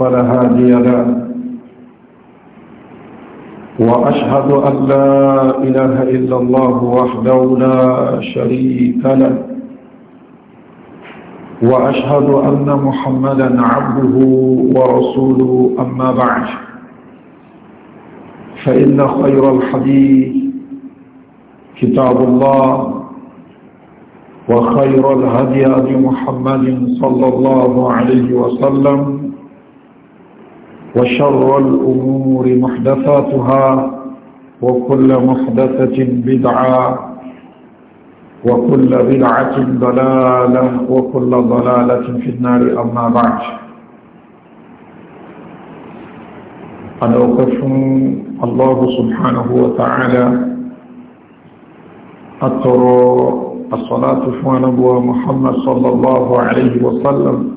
فلا هادي له وأشهد أن لا إله إلا الله وحده لا شريك له وأشهد أن محمدا عبده ورسوله أما بعد فإن خير الحديث كتاب الله وخير الهدي محمد صلى الله عليه وسلم وشر الأمور محدثاتها وكل محدثة بدعة وكل بدعة ضلالة وكل ضلالة في النار أما بعد قد أوقف الله سبحانه وتعالى أترى الصلاة فوانبوى محمد صلى الله عليه وسلم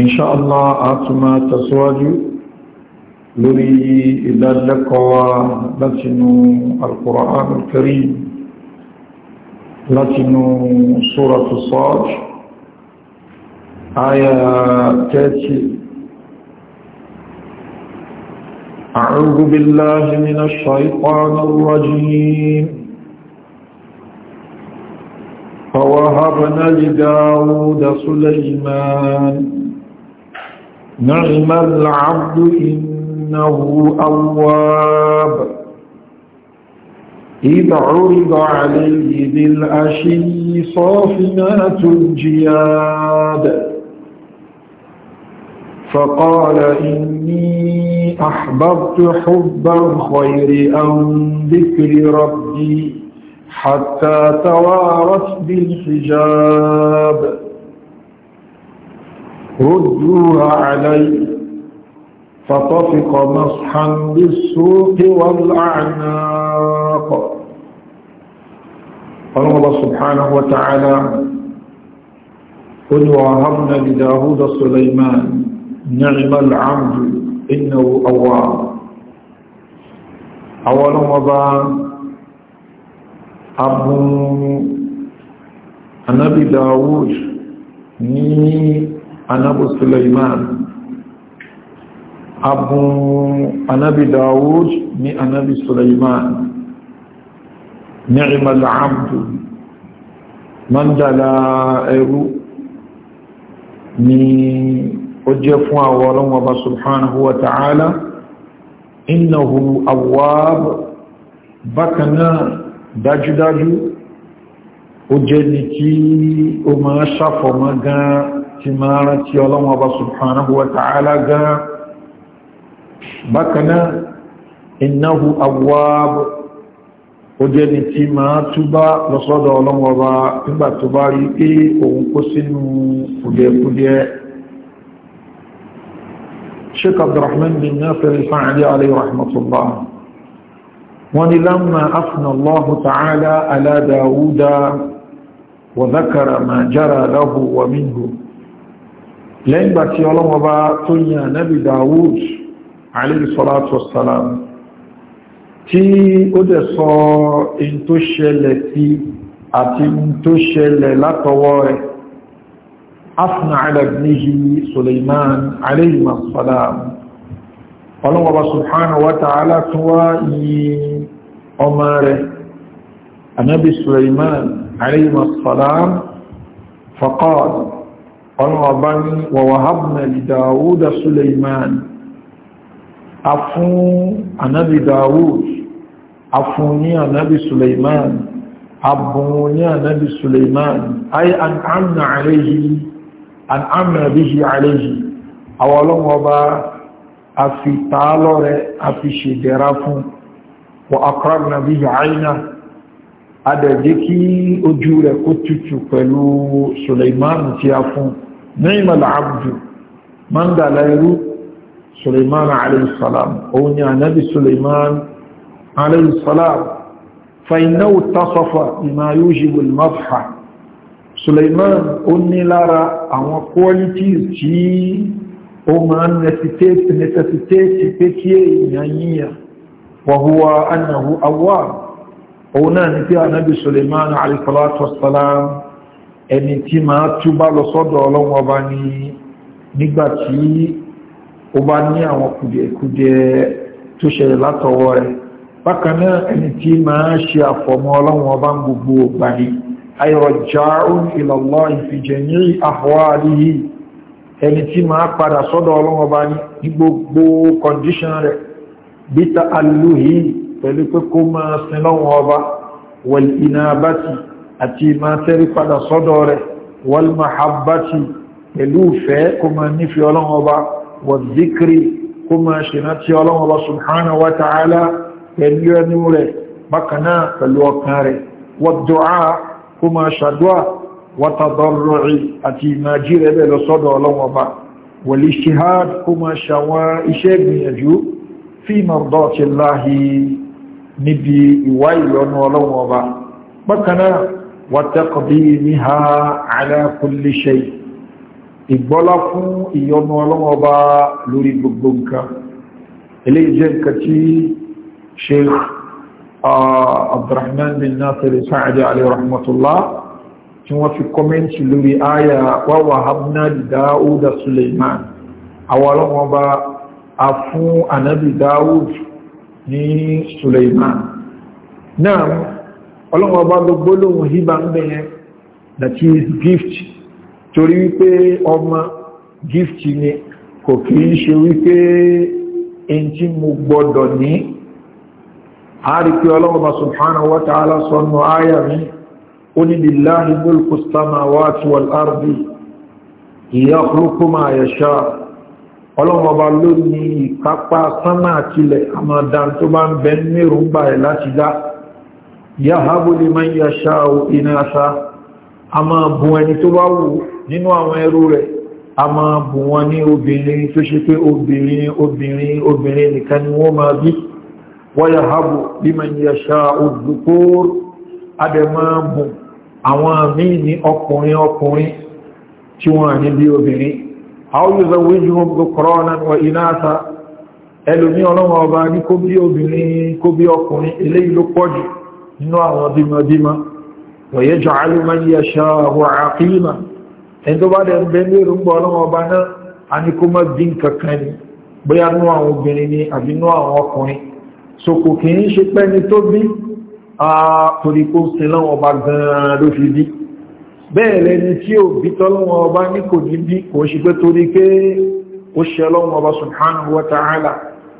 ان شاء الله اتما تسواجو لوري لالكوا لاتينو القران الكريم لاتينو سوره الصاد ايه تاتي اعوذ بالله من الشيطان الرجيم فوهبنا لداود سليمان نعم العبد إنه أواب إذ عرض عليه بالأشي صافنات الجياد فقال إني أحببت حب الخير أن ذكر ربي حتى توارث بالحجاب ردوها علي فطفق مصحا بالسوق والأعناق قال الله سبحانه وتعالى قل وهبنا لداود سليمان نعم العبد إنه أواب أول مضى أبو النبي داود ni anabu suleiman abun anabi dawud ni anabi suleiman ni'mal abdu man dala ẹrú ni ó jẹ́ fún àwọ̀rán wa ba subhanahu wa ta'ala innahu awwab bakana dájúdájú ó jẹ́ ni kí ó máa ṣàfọ̀mọ́ gan-an ti máa rántí ọlọ́run ọba subhanahu wa ta'ala gan bákanáà innahu awwab ó jẹ́ ni tí máa túbá lọ́sọ́dọ̀ ọlọ́run ọba nígbà tó bá rí pé òun kó sínú kùdẹ̀kùdẹ̀ sheikh abdurrahman bin nasir al-sa'di alayhi rahmatullah wọ́n ni lámà afnà allahu ta'ala ala dawuda wa zakara ma jara lahu wa minhu lẹ́yìn gbà tí ọlọ́wọ́ bá tó yìn ànábì Dawud alayhi salatu wassalam tí ó dẹ̀ sọ in tó ṣẹlẹ̀ sí àti in tó ṣẹlẹ̀ látọwọ́ rẹ̀ afna ala ibnihi Sulaiman ọlọ́wọ́ bá subhanahu wa ta'ala tún ọmọ rẹ̀ ànábì ọlọ́ọ̀bá ní wàwàhábùnà ìdáwòdà suleiman a fún anábi dáwòd a fún ní anábi suleiman a bùn ní anábi suleiman ay an amna aléhi an amna bihi aléhi àwọn ọlọ́ọ̀bá a fi tààlọ́ rẹ̀ a fi ṣe dẹ̀ra fún wa akọ́rọ̀ na bihi aina adẹ̀jẹ́ kí ojú rẹ̀ kó tutù pẹ̀lú suleimanu tí a fún ni'mal abdu mandala irú suleiman aleyhisselam òun ni ànábì suleiman aleyhisselam fainahu tasafa bima yujibu al-madha suleiman ó ní lára àwọn qualities tí ó máa necessitate necessitate pé kí èèyàn yíyàn wa annahu awwab òun náà ni pé anábì suleiman alisalatu wasalam tí máa túbá lọ ẹni tí máa ṣe àfọ̀mọ́ ọlọ́wọ́ ọba ń gbogbo ọgbà ní ayọ̀jáún ìlọ́lọ́ ìfìjẹ̀ní àhọ́àlìyí ẹni tí máa padà sọ́dọ̀ ọba ní gbogbo kọndíṣàn rẹ̀ bíta alúhìí pẹ̀lú pé kó máa sin lọ́wọ́ ọba wal inabati àti máa tẹ́rí padà sọ́dọ̀ rẹ̀ wal mahabbati pẹ̀lú ìfẹ́ kó máa nífẹ́ ọlọ́wọ́ ọba wal zikri kó máa ṣìnà tí ọlọ́wọ́ ọba subhanahu wa ta'ala pẹ̀lú ẹnu rẹ̀ bákanáà pẹ̀lú ọkàn rẹ̀ wal du'a kó máa ṣàdúà watadarru'i àti ìmájí rẹ̀ bẹ̀ sọ́dọ̀ ọlọ́wọ́ ọba wal-ijtihad kó máa ṣàwọn iṣẹ́ ìgbìyànjú fi mardati Allahi níbi ìwá ìyọnu ọlọ́wọ́ ọba bákanáà wàtẹ́kọ̀bí ní ha aláàkúnlé ṣe ìgbọ́lá fún ìyọnu ọlọ́wọ́ ọba lórí gbogbo nǹkan ilé ìjẹ́ nǹkan tí sheikh abdurrahman bin nasir sa'adi alayhi rahmatullah tí wọ́n fi kọ́mẹ́ntì lórí ayà wa wahabna li dáúdà suleiman àwọn ọlọ́wọ́ ọba a fún anabi dáúdà ní Suleiman náà ọlọ́wọ́ bá ló gbólóhùn hibà ń bẹ̀yẹn that is gift torí wípé ọmọ gift ni kò kí ń ṣe wípé in tí mo gbọ́dọ̀ ní àárí pé ọlọ́wọ́ bá subhanahu wa ta'ala sọ́nà áyà mi ó ní lillahi mulku samawati wal ardi yakhluqu ma yasha pa sánmà àtìlẹ̀ àmàdàn tó bá ń bẹ mẹ́rùn-ún ẹ̀ láti dá yahabu liman inasa a máa bù ẹni tó bá wù nínú àwọn ẹrú rẹ̀ a máa wọn ní obìnrin tó ṣe pé obìnrin obìnrin obìnrin nìkan ni wọ́n máa bí wa yahabu liman yasha'u dhukur adẹ̀ máa bù àwọn àmì ní ọkùnrin ọkùnrin tí wọ́n ní bí inasa ẹlòmí ọlọ́wọ́ ọba ní kó bí obìnrin kó bí ọkùnrin eléyìí ló pọ̀jù nínú àwọn bímọbímọ wọ̀yẹ́ jọ alúmọ́lì ẹ̀ṣọ́ àwọn àkílìmà ẹni tó bá dẹ̀ ń bẹ ní èròǹgbà ọlọ́wọ́ ọba náà a ní kó mọ́ bí nkankan ni ni bí àtòríkó ṣe pé torí pé ó ṣe ọlọ́wọ́ ọba subhanahu wa ta'ala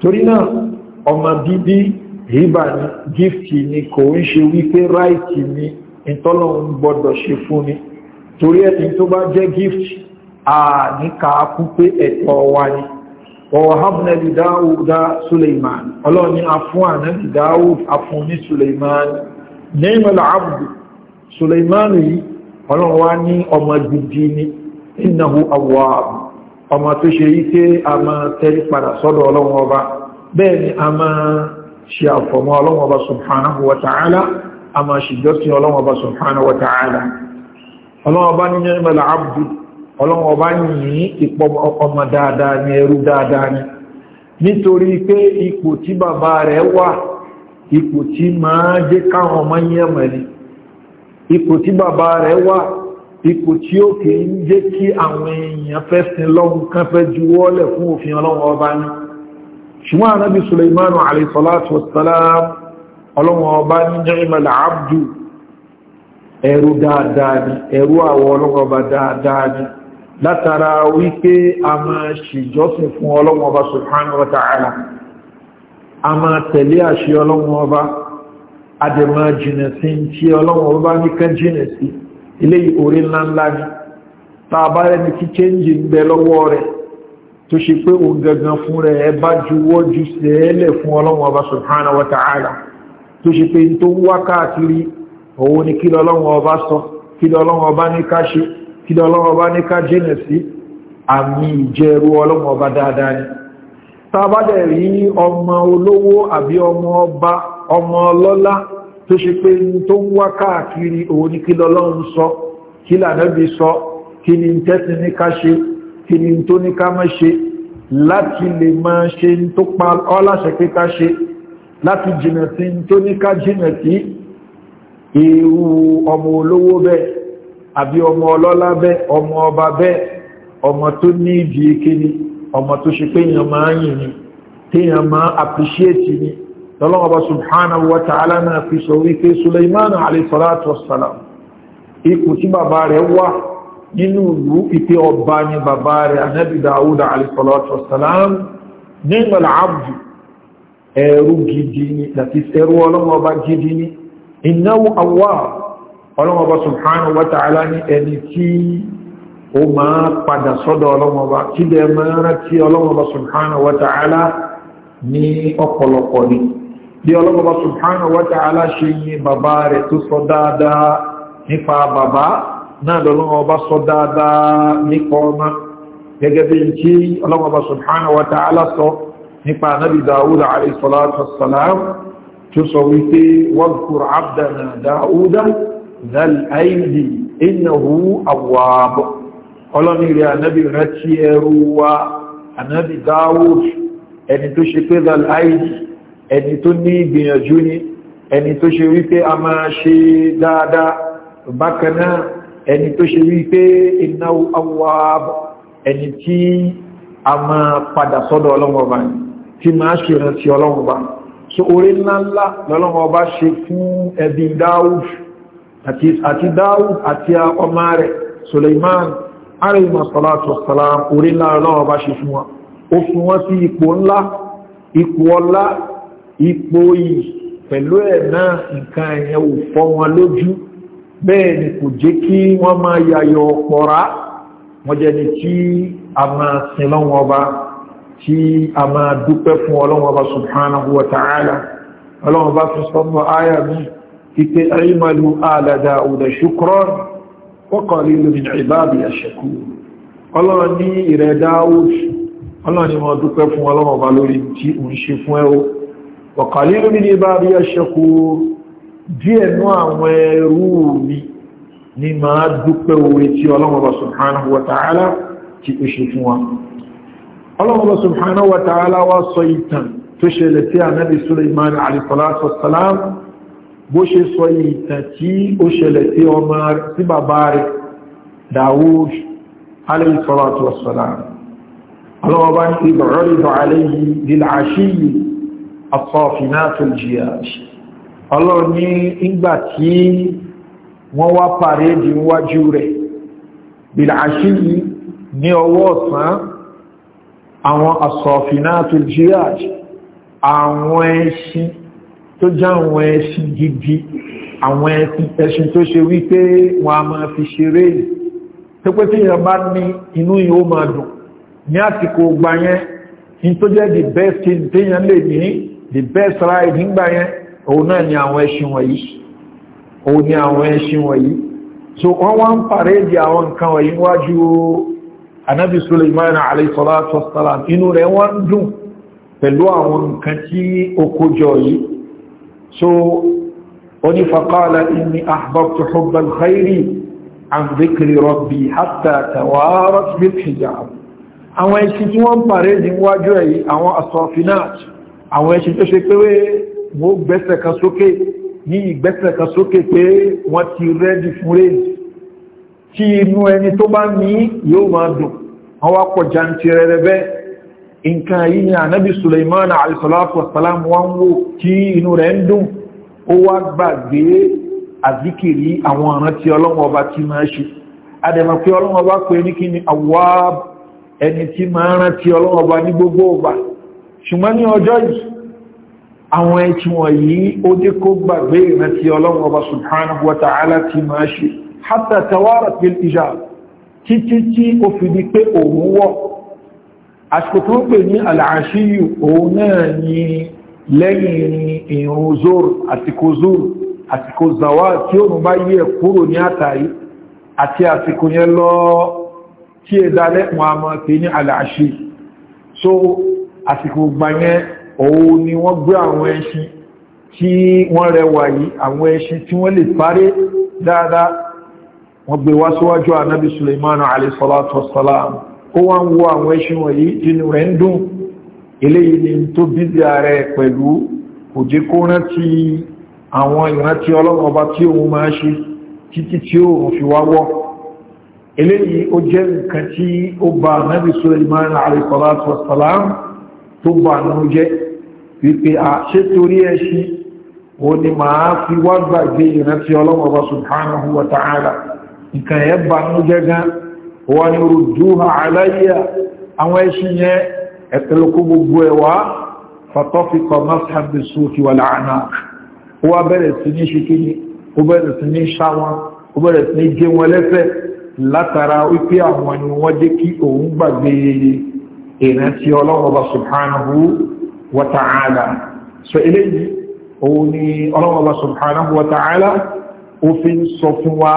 torí náà ọmọ bíbí ríbà ní gífìtì ni kò ń ṣe wípé ráìtì ni ìtọ́lọ́run gbọ́dọ̀ ṣe fún ni torí ẹ̀tì tó bá jẹ́ gífìtì àníkà kú pé ẹ̀tọ́ wa ni ọ̀hábùnẹ̀ lè dáúdá suleiman ọlọ́ni afún ànábì dáúd ọmọ tó ṣe yí pé a máa tẹ́rí padà sọ́dọ̀ ọlọ́run ọba bẹ́ẹ̀ ni a máa ṣe àfọ̀mọ́ ọlọ́run ọba subhanahu wa ta'ala a máa ṣe jọ́sìn ọlọ́run ọba subhanahu wa ta'ala ọlọ́run ọba ní ni'mal abdu ọlọ́run ọba ní ipò tí máa jẹ́ káwọn ọmọ yẹ̀mọ̀ ni ipò tí bàbá rẹ̀ wà ipò tí ó kì í jẹ́ kí àwọn èèyàn fẹ́ sin lọ́hun kan fẹ́ juwọ́lẹ̀ fún òfin ọlọ́run ọba ní ṣùgbọ́n anábi suleimanu alaihissalatu wassalam ọlọ́run ọba ní ni'mal abdu ẹrú dáadáa ni ẹrú àwọ ọlọ́run ọba dáadáa ni látara wípé a máa ṣìjọ́sìn fún ọlọ́run ọba subhanahu wa ta'ala a máa tẹ̀lé àṣẹ ọlọ́run ọba a jìnà sí tí ọlọ́run ọba ní ká jìnà sí eléyìí orí ńlá ní tàà bá rẹni kí chẹ́ǹjì ń bẹ lọ́wọ́ rẹ̀ tó ṣe pé òun gangan fún rẹ̀ ẹ bá juwọ́ ju sẹ́ẹ̀lẹ̀ fún ọlọ́run ọba subhanahu wa ta'ala tó ṣe pé tó wá káàkiri òun ni sọ ọba ní ká sí àmì rí ọmọ olówó àbí ọmọ ọba ọmọ ọlọ́lá tó ṣe pé tó ń wá káàkiri òun ní kí lọ́lọ́run sọ kí lànàbí sọ kí ni tẹ́sí ní ká ṣe kí ni tó ní ká mọ́ ṣe láti lè máa ṣe tó pa ọláṣẹ pé ká ṣe láti jìnà sí tó ní ká jìnà sí ewu ọmọ olówó bẹ́ẹ̀ àbí ọmọ ọlọ́lá bẹ́ẹ̀ ọmọ ọba bẹ́ẹ̀ ọmọ tó ní ìdí kíni ọmọ tó ṣe pé èèyàn máa ń yìn ni téèyàn máa appreciate ni lọ́lọ́wọ́ bá subhanahu wa ta'ala náà fi sọ wípé suleiman alayhisalatu wassalam ipò tí bàbá rẹ̀ wà nínú ìlú ìpé ọba ni bàbá rẹ̀ anábì dáúdà alayhisalatu wassalam nínú al'abdu ẹ̀rù gidi ni láti ẹ̀rù ọlọ́wọ́ bá gidi ni innahu awwab ọlọ́wọ́ bá subhanahu wa ta'ala ní ẹni tí ó máa padà sọ́dọ̀ ọlọ́wọ́ bá tí ni bí ọlọ́bọ̀bá subhanahu wa ta'ala ṣe yí bàbá rẹ̀ tó sọ dáadáa nípa bàbá náà lọ́lọ́bọ̀bá sọ dáadáa nípa ọmọ gẹ́gẹ́ bí tí ọlọ́bọ̀bá subhanahu wa ta'ala sọ nípa anábì dáúdà alayhi salatu wassalam tó sọ wípé wadhkur abdana ẹni tó ṣe pé dhal aidi ẹni tó ní ìgbìyànjú ni ẹni tó ṣe wípé a máa ṣe dáadáa bákan náà ẹni tó ṣe wípé innahu awwab ẹni tí a máa padà sọ́dọ̀ ọlọ́wọ́ tí máa ṣe ìrántí ọlọ́wọ́ so orí ńláńlá lọ́lọ́wọ́ bá ṣe fún ẹbí dáúd àti dáúd àti ọmọ rẹ̀ suleiman alayhi salatu wassalam orí ńláńlá lọ́wọ́ bá ṣe fún wọn ó fún wọn sí ipò ńlá ipò ọlá ipò yìí pẹ̀lú ẹ̀ náà nǹkan ẹ̀yẹn ò fọ́ wọn lójú bẹ́ẹ̀ ni kò jẹ́ kí wọ́n máa yàyọ̀ ọ̀pọ̀ra wọ́n jẹ́ ni tí a máa sin lọ́wọ́ ọba tí a máa dúpẹ́ fún ọlọ́wọ́ ọba subhanahu wa ta'ala ọlọ́wọ́ ọba fi sọ́nà áyà mi ike ọ̀kàlí lómi ní bá rí ẹṣẹ́kú díẹ̀ nú àwọn ẹrú mi ni máa dúpẹ́ orí tí ọlọ́mọba subhanahu wa ta'ala ti ṣe fún wa ọlọ́mọba subhanahu wa ta'ala wá sọ ìtàn tó ṣẹlẹ̀ tí ànábì suleiman alayhi bó ṣe sọ ìtàn tí ó ṣẹlẹ̀ tí ọmọ sí bàbá rẹ̀ dawud alayhi àtọ́fìnàtò jihad ọlọ́run ní ìgbà tí wọ́n wá pàrédì wájú rẹ̀ bìláṣí ní ọwọ́ ọ̀sán àwọn àtọ́fìnàtò àwọn ẹṣin tó já àwọn ẹṣin gidi àwọn ẹṣin tó ṣe wípé wọn a máa fi ṣeré tó pé tí èèyàn bá ní inú yìí máa dùn ní àsìkò gbà ní tó jẹ́ the best thing téèyàn lè ní the best ride nígbà yẹn òun náà ni àwọn ẹṣin wọ̀nyí òun ni àwọn ẹṣin wọ̀nyí so wọ́n wá ń pàrẹ́dì àwọn nǹkan wọ̀nyí wájú anábì suleiman alayhisalatu wasalam inú rẹ̀ wọ́n ń dùn pẹ̀lú àwọn nǹkan tí ó kójọ yìí so oni faqala inni ahbabtu hubbal khairi an dhikri rabbi hatta tawarat bil hijab àwọn ẹṣin tí wọ́n pàrẹ́dì wájú èyí àwọn asọ́finat àwọn ẹṣin tó ṣe pé wọ́n gbẹ́sẹ̀ kan sókè ní ìgbẹ́sẹ̀ kan sókè pé wọ́n ti rẹ́dì fún rèé tí inú ẹni tó bá ní yóò máa dùn wọ́n wá pọ̀ jantirẹrẹ bẹ́ẹ̀ nǹkan yìí ni ànábì Suleiman alisalatu wasalam wọ́n wò tí inú rẹ̀ ń dùn ó wá gbàgbé àzíkìrí àwọn ọ̀ràn tí ọlọ́wọ́ ọba ti máa ṣe adẹ̀mọ̀ pé ọlọ́wọ́ ọba pé ní kí ni àwọ̀ ẹni tí máa rántí ọlọ́wọ́ ọba ní gbogbo ọba ṣùgbọ́n ní ọjọ́ yìí àwọn ẹ̀kí wọ̀nyí ó dé kó gbàgbé ìrántí ọlọ́run ọba subhanahu wa ta'ala ti máa ṣe hatta tawarat bil ijab títí tí ó fi di pé òun wọ̀ àsìkò ní àlàáṣíyù òun náà ni lẹ́yìn ìrun zoro so àsìkò gbanyẹ òun ni wọ́n gbé àwọn ẹṣin tí wọ́n rẹwà yìí àwọn ẹṣin tí wọ́n lè parí dáadáa wọ́n gbé wá síwájú ànábì Suleiman alayhi salatu wassalam ó wá ń wo àwọn ẹṣin wọ̀nyí inú rẹ̀ ń dùn eléyìí ni tó bízi ààrẹ pẹ̀lú òjékó rántí àwọn ìrántí ọlọ́run ọba tí òun ó jẹ́ nǹkan tí ó ba ànábì Suleiman alayhi salatu wassalam tó bà nínú jẹ́ wípé a ṣe torí ẹṣin o ni máa fi wá gbàgbé ìrántí ọlọ́mọba subhanahu wa ta'ala nǹkan ẹ̀ bà nínú jẹ́ gan wọ́n ni rùdúhà aláyíyà àwọn ẹṣin yẹn ẹ̀tẹ̀lẹ́kú gbogbo ẹ̀wà fatọ́fikọ̀ masáàbìsù ti wà láàánà ó wá bẹ̀rẹ̀ sí ní látara wípé àwọn ni wọ́n jẹ́ kí òun gbàgbé ìrántí ọlọ́run ọba subhanahu wa ta'ala so eléyìí òun ni ọlọ́run ọba subhanahu wa ta'ala ó fi ń sọ fún wa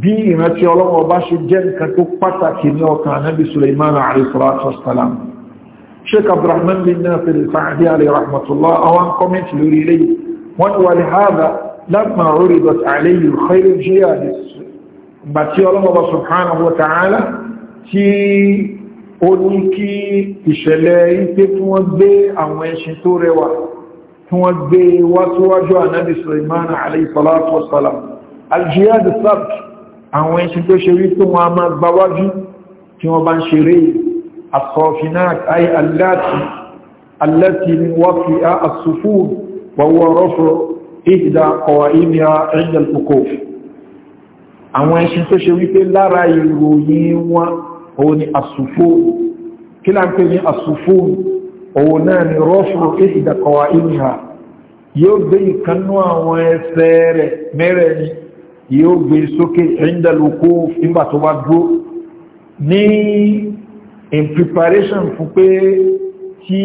bí ìrántí ọlọ́run ọba ṣe jẹ́ nǹkan tó pàtàkì ní ọkàn anábì suleiman alayhisalatu ó ní kí ìṣẹ̀lẹ̀ ipé tí wọ́n gbé àwọn ẹṣin tó rẹwà tí wọ́n gbé wáṣíwájú ànábì Sulaiman alayhi salatu wassalam aljihad sabt àwọn ẹṣin tó ṣe rí tó wọ́n a máa gbáwájú tí wọ́n bá ń ṣeré ṣe wípé lára òun ni àsùfò kí là ń pè ní àsùfò òun náà ni rọ́fù ìdàkọ̀wà ìmìhà yóò gbé ìkanú àwọn ẹsẹ̀ rẹ̀ mẹ́rẹ̀ ni yóò gbé sókè ẹ̀ndàlùkó nígbà tó bá dúró ní in preparation fún pé tí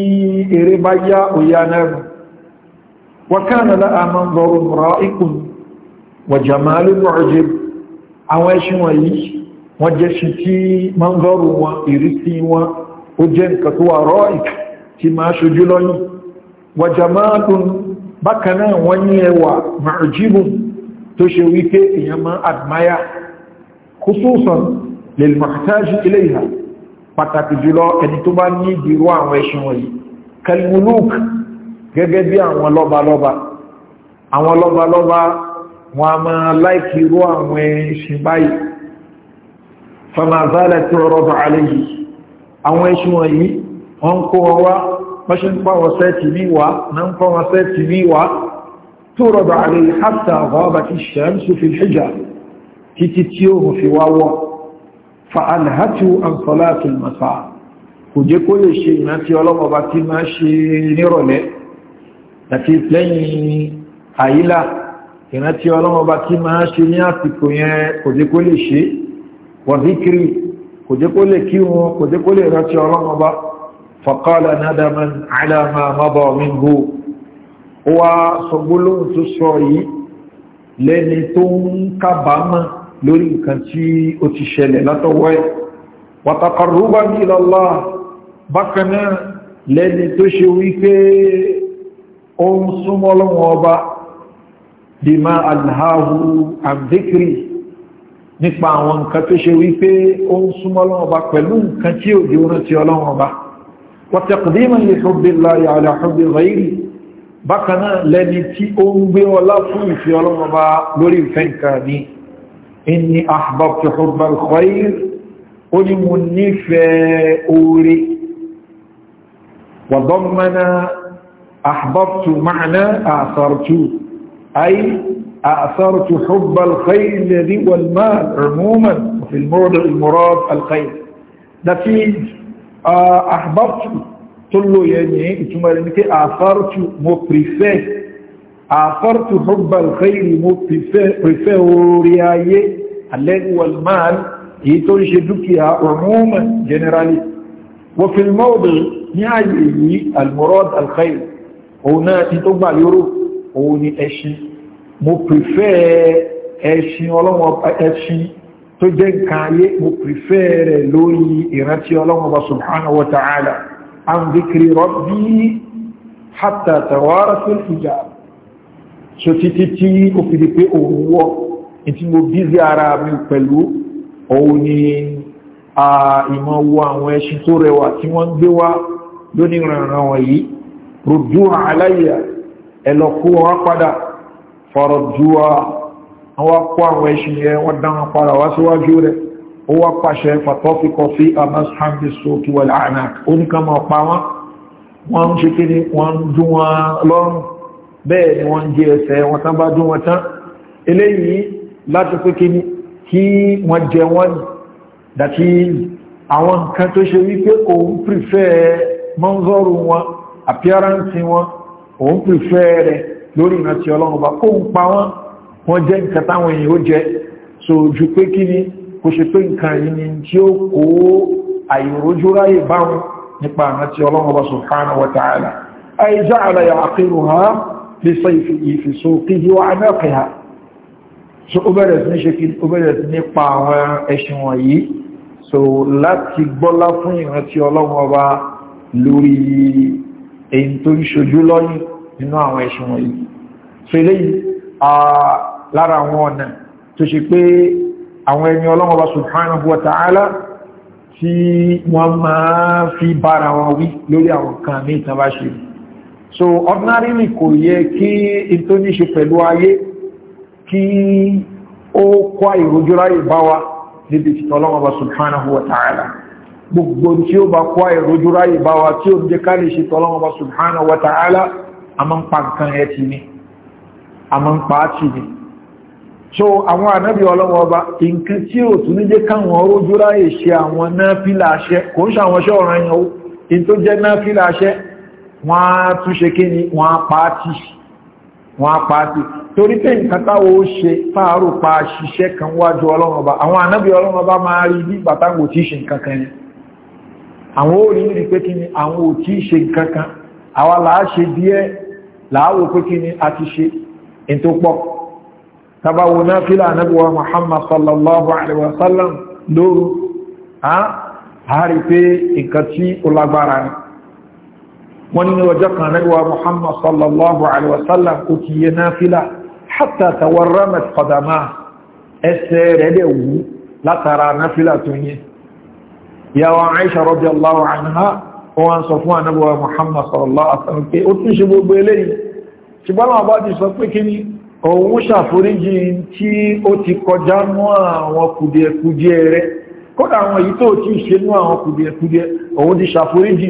eré bá yá òyà náà wakana la àmà lọ́rùn ra'ikun àwọn ẹṣin wọ̀nyí wọ́n jẹ́ ṣi tí mọ́ngọ́rù wọn ìrísí wọn ó jẹ́ nǹkan tó wà rọ́ìk tí máa ṣojú lọ́yìn wà jamaatun bákanáà wọ́n ní ẹwà ma'ajibun tó ṣe wípé èyàn máa admire khususan lil muhtaji ilayha pàtàkì jùlọ ẹni tó bá ní ìdíró àwọn ẹṣin wọ̀nyí kalmuluk gẹ́gẹ́ bí àwọn lọ́balọ́ba àwọn lọ́balọ́ba wọn a máa láìkì irú àwọn ẹṣin báyìí fama zala tu'radu alayhi àwọn ẹṣin wọ̀nyí wọ́n kó wọ́wá mọ́ṣin pàwọ̀ sẹ́ẹ̀tì níwá na ń pàwọ̀ sẹ́ẹ̀tì níwá tu'radu alayhi hatta ghabat ash-shamsu fi al-hijab títí tí ó mú fi wáwọ́ fa alhatu an salati al-masa kò jẹ́ kó lè ṣe ìná wàzíkiri kò jẹ́ kó lè kí wọn kò jẹ́ kó lè rántí ọlọ́run ọba faqala nadaman ala ma mada minhu ó wá sọgbólóhùn tó sọ yìí lẹ́ni tó ń kábàámọ̀ lórí nǹkan tí ó ti ṣẹlẹ̀ látọwọ́ ẹ̀ nípa àwọn nǹkan tó ṣe wípé ó ń súnmọ́ Ọlọ́run Ọba pẹ̀lú nǹkan tí ò di orin ti Ọlọ́run Ọba wa taqdiman li hubbillahi ala hubbi ghayri bákan náà lẹ́ni tí ó ń gbé ọlá fún ìfẹ́ Ọlọ́run lórí ìfẹ́ أعثرت حب الخير الذي والمال عموما وفي الموضع المراد الخير ده في أحببت طل يعني ثم لنك أعثرت مبرفة أعثرت حب الخير مبرفة ورياية الذي والمال يتوش دوكيا عموما جنرالي وفي الموضع نعيه المراد الخير هنا تتبع يروف هنا أشي mo prefer ẹṣin ọlọ́wọ́ ẹṣin tó jẹ́ nǹkan ayé mo prefer rẹ̀ lórí ìrántí ọlọ́wọ́ bá subhanahu wa ta'ala an zikri rabbi hatta tawara fil hijab so títí tí ó fi di pé òun wọ́ ìtí mo bízi ara mi pẹ̀lú òun ni ìmọ̀ wo àwọn ẹṣin tó rẹwà tí wọ́n ń gbé wá lónìí rànràn wọ̀nyí rùjú àláyà ẹ̀lọ́kú wọn padà fọ́rọ̀dúwà wọ́n kó àwọn ẹṣin yẹ wọ́n dáwọn padà wá síwájú rẹ̀ ó wá pàṣẹ fàtọ́fíkọ́ sí amashambi sókè wà láàrín oníkàmọ̀ ọ̀pá wọn wọ́n ń ṣe kíni wọ́n ń dún wọn lọ́rùn bẹ́ẹ̀ ni wọ́n ń jẹ ẹsẹ̀ wọn tán bá dún wọn tán eléyìí láti pé kíni kí wọ́n jẹ wọ́n dàtí àwọn nǹkan tó ṣe wípé òun pìfẹ́ mọ́ńzọ́rù wọn appearance wọn òun pìfẹ́ lórí ìrántí ọlọ́run bá kó ń pa wọ́n wọ́n jẹ́ nǹkan táwọn èèyàn ó jẹ so ju pé kí ni kò ṣe pé nǹkan yìí ni tí ó kó àìrójú ráyè báwọn nípa àrántí ọlọ́run ọba subhanahu wa ta'ala ay ja'ala ya'qiluha fi suqihi wa so ó bẹ̀rẹ̀ sí ní ṣe kí ó bẹ̀rẹ̀ sí ní so láti gbọ́lá fún ìrántí ọlọ́run ọba lórí èyí tó nínú àwọn ẹ̀ṣùn wọ̀nyí so eléyìí lára àwọn ọ̀nà tó ṣe pé àwọn ẹni ọlọ́mọba subhanahu wa ta'ala tí wọ́n máa fi bára wọn wí lórí àwọn kan ní ìtàn bá ṣe so ordinarily kò yẹ kí in tó ní ṣe pẹ̀lú ayé kí ó kọ́ ìrójúráyè bá wa níbi ìtọ́lọ́mọba subhanahu wa ta'ala gbogbo tí ó bá kọ́ ìrójúráyè bá wa tí ó jẹ́ ká lè ṣe tọ́lọ́mọba subhanahu wa a máa ń pa nǹkan ẹ ti a máa ń pa á ti ní so àwọn ànábì ọlọ́wọ́ ọba nǹkan tí ò tún ní jẹ́ káwọn orójú ráyè ṣe àwọn náfílà aṣẹ́ kò ń ṣàwọn ṣẹ́ ọ̀ràn yẹn o in tó jẹ́ náfílà aṣẹ́ wọ́n á tún ṣe kí ni wọ́n á pa á ti wọ́n á pa á ti torí pé nǹkan táwọn ó ṣe fáàrò pa ṣiṣẹ́ kan wájú ọlọ́wọ́ ọba àwọn ànábì ọlọ́wọ́ ọba máa rí bí bàtàgbò tí ṣe nǹkan kan yẹn àwọn ò rí rí pé kí ni àwọn ò tí ṣe nǹkan kan àwa làá ṣe díẹ̀ láàwò pé kí ni a ti ṣe in tó pọ̀ tabawo náà fílà anábíwa muhammad sallallahu alaihi wasallam lóru a hari pé nǹkan tí ó lágbára ni wọ́n nínú ọjọ́ kan anábíwa muhammad sallallahu alaihi wasallam kò kí yẹ náà fílà hatta tawarramat qadama ẹsẹ̀ rẹ̀ dẹ̀ wú látara náà fílà tó yẹ yàwó aisha radiyallahu anha wọ́n sọ fún ànábọ̀wà Muhammad sallallahu alaihi wasallam pé ó tún ṣe gbogbo eléyìí ṣùgbọ́n àwọn bá ti sọ pé kí ni òun ṣàforíjì tí ó ti kọjá mú àwọn kùdìẹ̀kùdìẹ̀ rẹ̀ kódà àwọn èyí tó ti ṣe mú àwọn kùdìẹ̀kùdìẹ̀ òun ti ṣàforíjì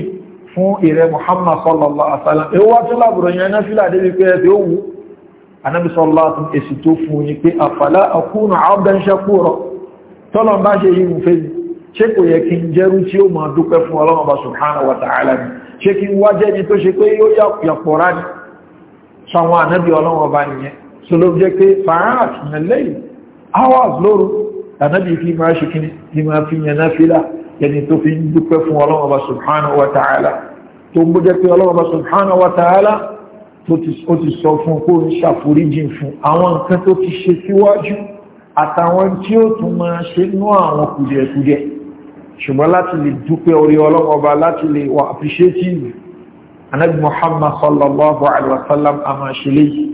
fún ìrẹ́ Muhammad sallallahu alaihi wasallam èwo wá tún lábùrọ̀ yẹn náà ṣé kò yẹ kí n jẹ́rú tí ó máa dúpẹ́ fún ọlọ́run ọba subhanahu wa ta'ala ni ṣé kí n wá jẹ́ ni tó ṣe pé yóò yàpọ̀rá ni sọ̀wọ́n ànábì ọlọ́run ọba nìyẹn so ló jẹ́ pé sàárà tìyàn lẹ́yìn hours lóru ànábì fi máa ṣe kí ni máa fi yẹn náà fílà ẹni tó fi ń dúpẹ́ fún àtàwọn tí ó tún máa ṣe nú àwọn kùjẹkùjẹ ṣùgbọ́n láti lè dúpẹ́ orí ọlọ́mọba láti lè wà appreciative anábì muhammad sallallahu alaihi wasallam a máa ṣe léyìí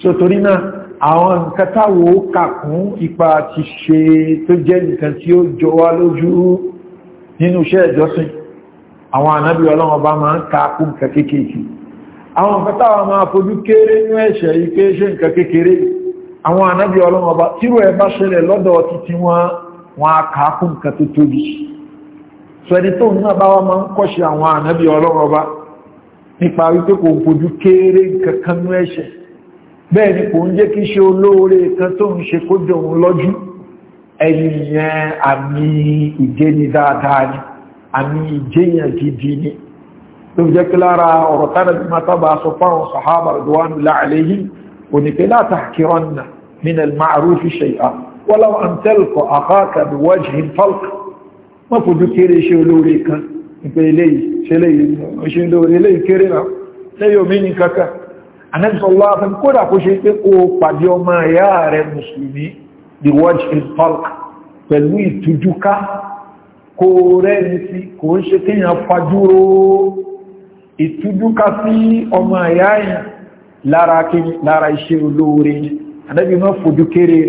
so torí náà àwọn nǹkan táwo kàkún ipa ti ṣe tó jẹ́ nǹkan tí ó jọ wá lójú nínú iṣẹ́ ìjọsìn àwọn anábì ọlọ́mọba máa ń ka kún nǹkan kéékèèké àwọn nǹkan táwa máa fojú kéré ní ẹ̀ṣẹ̀ yìí pé ṣe nǹkan kékeré àwọn anábì ọlọ́mọba tírò ẹ bá ṣẹlẹ̀ lọ́dọ̀ titi wọn wọn á kà á kún nǹkan tó tóbi sọ ẹni tó náà bá wọn máa ń kọ́ṣe àwọn ànábì ọlọ́run ọba nípa wípé kò fojú kéré nǹkan kan ní ẹ̀ṣẹ̀ bẹ́ẹ̀ ni kò ń jẹ́ kí ṣe olóore kan tó ń ṣe kó jọ òun lọ́jú ẹni yẹn àmì ìjẹni dáadáa ni àmì ìjẹyàn gidi ni tó jẹ́ kí lára ọ̀rọ̀ tánà bí máa tábà sọ fáwọn sàhábà rẹ̀ láàlẹ́ yìí òní pé látàkìrọ̀nà min al-ma'rufi shay'an wọ́láwọ́ àǹtẹ́lùkọ̀ àkáàkàbí wajhin falk wọ́n fojú kéré iṣẹ́ olóore kan nípa eléyìí ṣe léyìí ṣe lóore eléyìí kéré náà lẹ́yìn omi ní kankan anẹ́sọ̀lá afẹ́m kódà kó ṣe pé kó pàdé ọmọ ẹ̀yà rẹ̀ mùsùlùmí the wajhin falk pẹ̀lú ìtújúká kó rẹ̀ ní sí kò ń ṣe kéèyàn fajúró ìtújúká sí ọmọ ẹ̀yà yìí lára iṣẹ́ olóore anẹ́bí mọ́ fojú kéré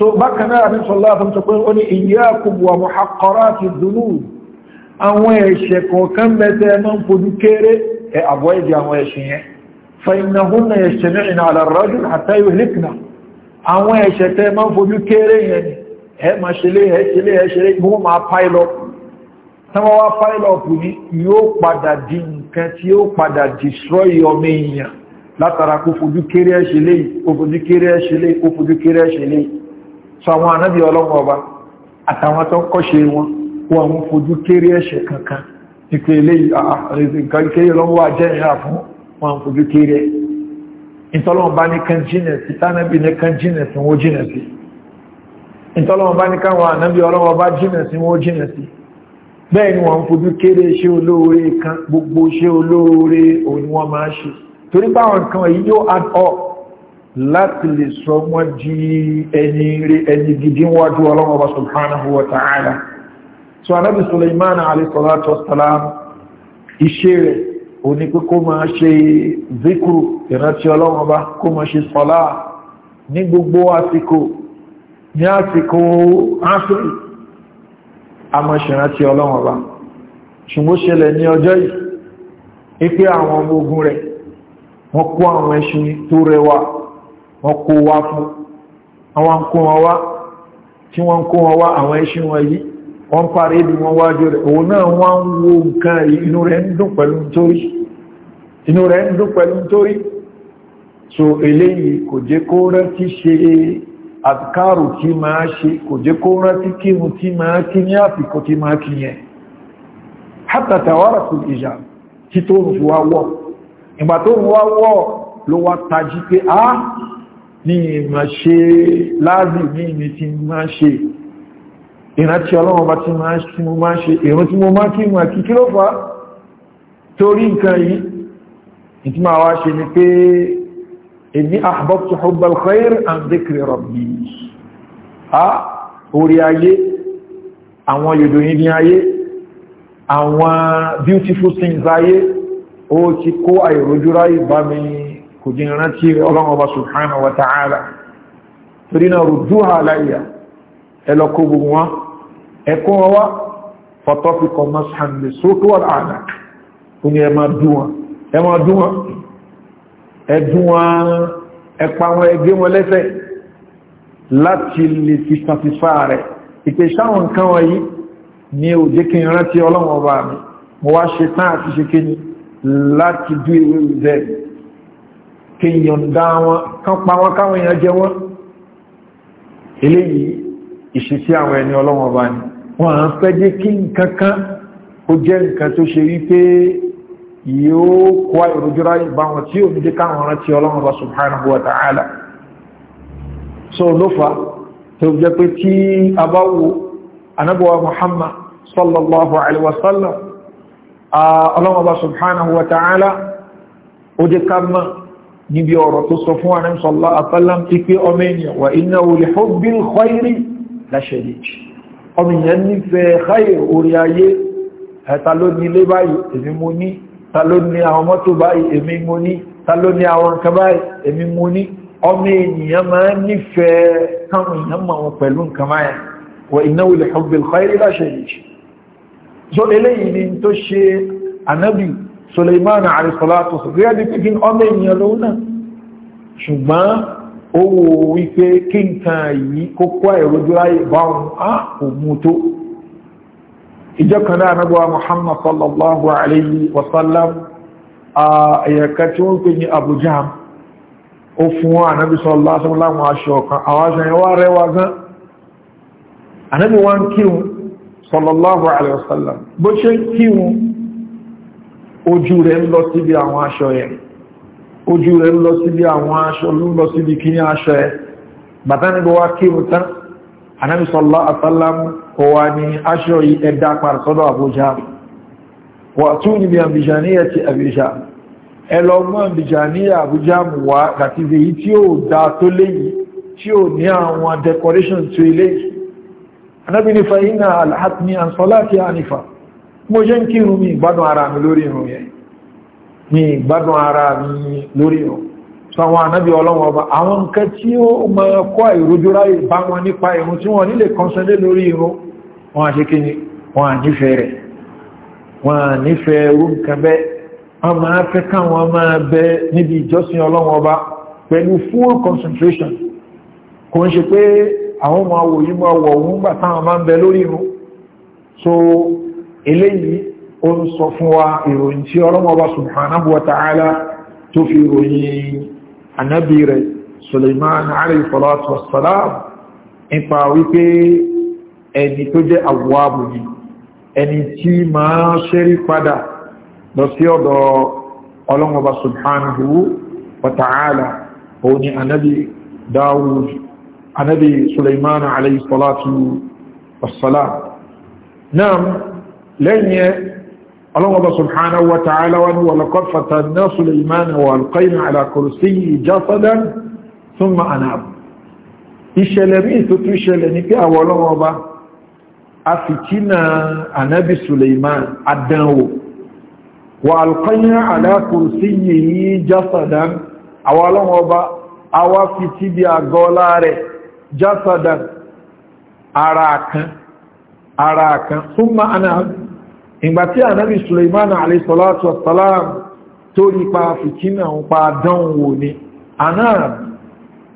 so bákan náà ní sọ láàfin sọ pé ó ní iyyakum wa muhaqqarati dhunub àwọn ẹ̀ṣẹ̀ kọ̀ọ̀kan mẹ́tẹ́ máa ń fojú kéré ẹ̀ àbọ̀ ẹ̀dì àwọn ẹ̀ṣẹ̀ yẹn fa innahunna yajtami'na 'ala ar-rajuli hatta yuhlikna àwọn ẹ̀ṣẹ̀ tẹ́ máa ń fojú kéré yẹn ni ẹ̀ máa ṣẹlẹ̀ ẹ̀ ṣẹlẹ̀ ẹ̀ ṣẹlẹ̀ ìgbó máa pilot tánwọ́ wá pálọ̀pù ní so àwọn ànábì ọlọ́run ọba àtàwọn tó kọ́ṣe wọn wọ́n àwọn fojú kéré ẹ̀ṣẹ̀ kankan ìpè eléyìí nǹkan kéré lọ́wọ́ wà jẹ́ ìrà fún wọn fojú kéré ìtọ́lọ́wọ́n bá ní kan jìnà sí tánàbì ní kan jìnà sí wọ́n jìnà sí ìtọ́lọ́wọ́n bá ní káwọn ànábì ọlọ́wọ́ fojú kéré ṣe olóore kan gbogbo ṣe olóore òun wọ́n máa ṣe torí kan èyí yóò add up láti lè sọ wọ́n jí ẹni rí ẹni gidi wájú ọlọ́run ọba subhanahu wa ta'ala so anábì suleiman alayhi salatu wassalam iṣẹ́ rẹ̀ òní pé kó máa ṣe zikru ìrántí ọlọ́run ọba kó máa ṣe sọlá ní gbogbo àsìkò ní àsìkò áfírí a máa ṣe ìrántí ọlọ́run ọba ṣùgbọ́n ṣẹlẹ̀ ní ọjọ́ yìí ipé àwọn ọmọ ogun rẹ̀ wọ́n kó àwọn ẹṣin tó rẹwà wọ́n kó wá fún àwọn kó wọn wá tí wọ́n kó wọn wá àwọn ẹṣin wọn yìí wọ́n parí ibi wọn wájú rẹ̀ òun náà wọ́n ń wo nǹkan inú rẹ̀ ń dùn pẹ̀lú nítorí inú rẹ̀ ń dùn pẹ̀lú nítorí so eléyìí kò jẹ́ kó rántí ṣe àkárù tí máa ṣe kò jẹ́ kó rántí kírun tí máa kí ní àsìkò tí máa kí yẹn hátàtà wára sí ìjà tí tó ń fi wá wọ́ ìgbà tó ń wá wọ́ ló wá tají pé ah ní ìmọ̀ ṣe láàrín ní ìmì tí máa ṣe ìrántí ọlọ́wọ́ bá tí mo máa ṣe ìrún tí mo máa kí ìmọ̀ kí kí ló fà torí nǹkan yìí ìtí máa wá ṣe ni pé èmi ahbabtu hubbal khair and dhikri rabbi a kò jẹ́ rántí ọlọ́run ọba subhanahu wa ta'ala torí náà rùdúhà aláyà ẹlọ́kọ́ gbogbo wọn ẹkọ́ ọwá fọ́tọ́fíkọ mashan lè sókè wà láàdá fún ni ẹmà dúnwà ẹmà dúnwà ẹdúnwà ẹpa wọn ẹgbẹ́ wọn lẹ́fẹ́ láti lè ìwé ìwé kíyàndá wọn kán pa wọn káwọn èèyàn jẹ wọn eléyìí ìṣesí àwọn ẹni ọlọ́wọ́n bá ní wọ́n à ń fẹ́ jẹ́ kí nǹkan kan ó jẹ́ nǹkan tó ṣe wípé yóò kó àìròjúra ìbá wọn tí òun jẹ́ káwọn rántí ọlọ́wọ́n bá subhanahu ó jẹ́ ká mọ́ níbi ọ̀rọ̀ tó sọ fún àrẹ́m sọ́lá àtàlám ti pé ọmọ ènìyàn wà iná orí hubbil khairi láṣẹ̀lẹ̀jì ọmọ ènìyàn nífẹ̀ẹ́ khair orí ayé ẹ̀ta ló ní ilé báyìí èmi mo ní ta ló ní àwọn mọ́tò báyìí èmi mo ní ta ló ní àwọn nǹkan báyìí Suleiman àrísọ́látò gẹ́gẹ́ pé kí ọmọ ènìyàn ló náà ṣùgbọ́n ó wò wípé kí nǹkan yìí kó kọ́ ìrójú láyé báwọn á kò mú tó ìjọ́ kan náà náà Muhammad sallallahu alayhi wa sallam ẹ̀yẹ̀kẹ́ tí wọ́n pè ní Abu Jahm ó fún wọn ànábì sallallahu alayhi wa sallam bó ṣe kírun ojú rẹ̀ ń lọ síbi àwọn aṣọ yẹn ojú rẹ̀ ń lọ síbi àwọn aṣọ ló ń lọ síbi kí ní aṣọ ẹ bàtà níbo wá kírun tán anábì sallallahu alaihi wasallam kò wá ní aṣọ yìí ẹ̀dá pàrọ̀sọ́dọ̀ àbújá wà tún níbi àbìjà ní ẹ̀ ti àbìjà ẹ àbìjà mo ṣe ń kírun mi ìgbádùn ara mi lórí irun yẹn mi ìgbádùn ara mi lórí irun sọwọn ànábí ọlọ́wọ́ ọba àwọn nǹkan tí ó mọ kọ́ ìrójúra ìbá wọn nípa irun tí wọ́n nílè kọ́nsẹ́lé lórí irun wọn àṣẹ ni wọn à nífẹ̀ẹ́ rẹ̀ full concentration kò ń ṣe pé àwọn ọmọ awòyí máa so eléyìí ó ń sọ fún wa ìròyìn tí ọlọ́mọba subhanahu wa ta'ala tó fi ròyìn ànábì rẹ̀ suleiman alayhi salatu wassalam nípa wípé ẹni tó jẹ́ àwọ̀wàbù ni ẹni tí máa ṣẹ́rí padà lọ suleiman alayhi salatu wassalam náà lẹ́yìn ẹ ọlọ́wọ́bọ̀ subhanahu wa ta'ala wa ni walaqad fatanna Sulaymana wa alqayna ala kursiyyihi jasadan thumma anab ìṣẹ̀lẹ̀ ní ìtútù ìṣẹ̀lẹ̀ ní pé àwọn ọlọ́wọ́bá afikina anabi Suleiman adanwo wa ìgbà tí ànábì Suleiman alayhisalatu wasalam tó rí pa fìtínà ń pa dánwò ni anáà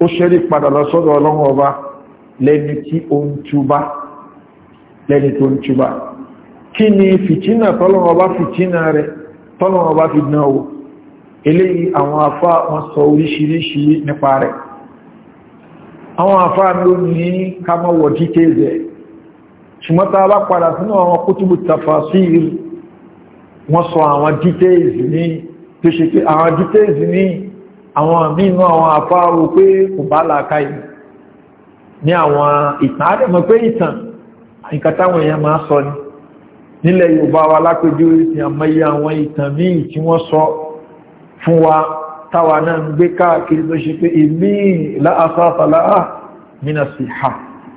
ó ṣẹ́rí padà lọ sọ́dọ̀ ọlọ́run ọba lẹ́ni tí ó ń túbá lẹ́ni tó ń túbá kí ni fìtínà tọ́lọ́run ọba fìtínà rẹ̀ tọ́lọ́run ọba fi dán wò eléyìí àwọn afá wọn sọ oríṣiríṣi nípa rẹ̀ àwọn afá ló ní ká mọ́wọ̀ details ṣùgbọ́n tá a bá padà sínú àwọn kútùbù tafasir wọ́n sọ àwọn details ní tó ṣe pé àwọn details ní àwọn mínú àwọn afárò pé kò bá làákàyè ní àwọn ìtàn àdẹ̀mọ̀ pé ìtàn nǹkan táwọn èèyàn máa sọ ni nílẹ̀ Yorùbá wa lápẹjú ìsìn àmọ́yé àwọn ìtàn míì tí wọ́n sọ fún wa táwa náà ń gbé káàkiri tó ṣe pé ìmí láàfáàfà láà mínà sí ha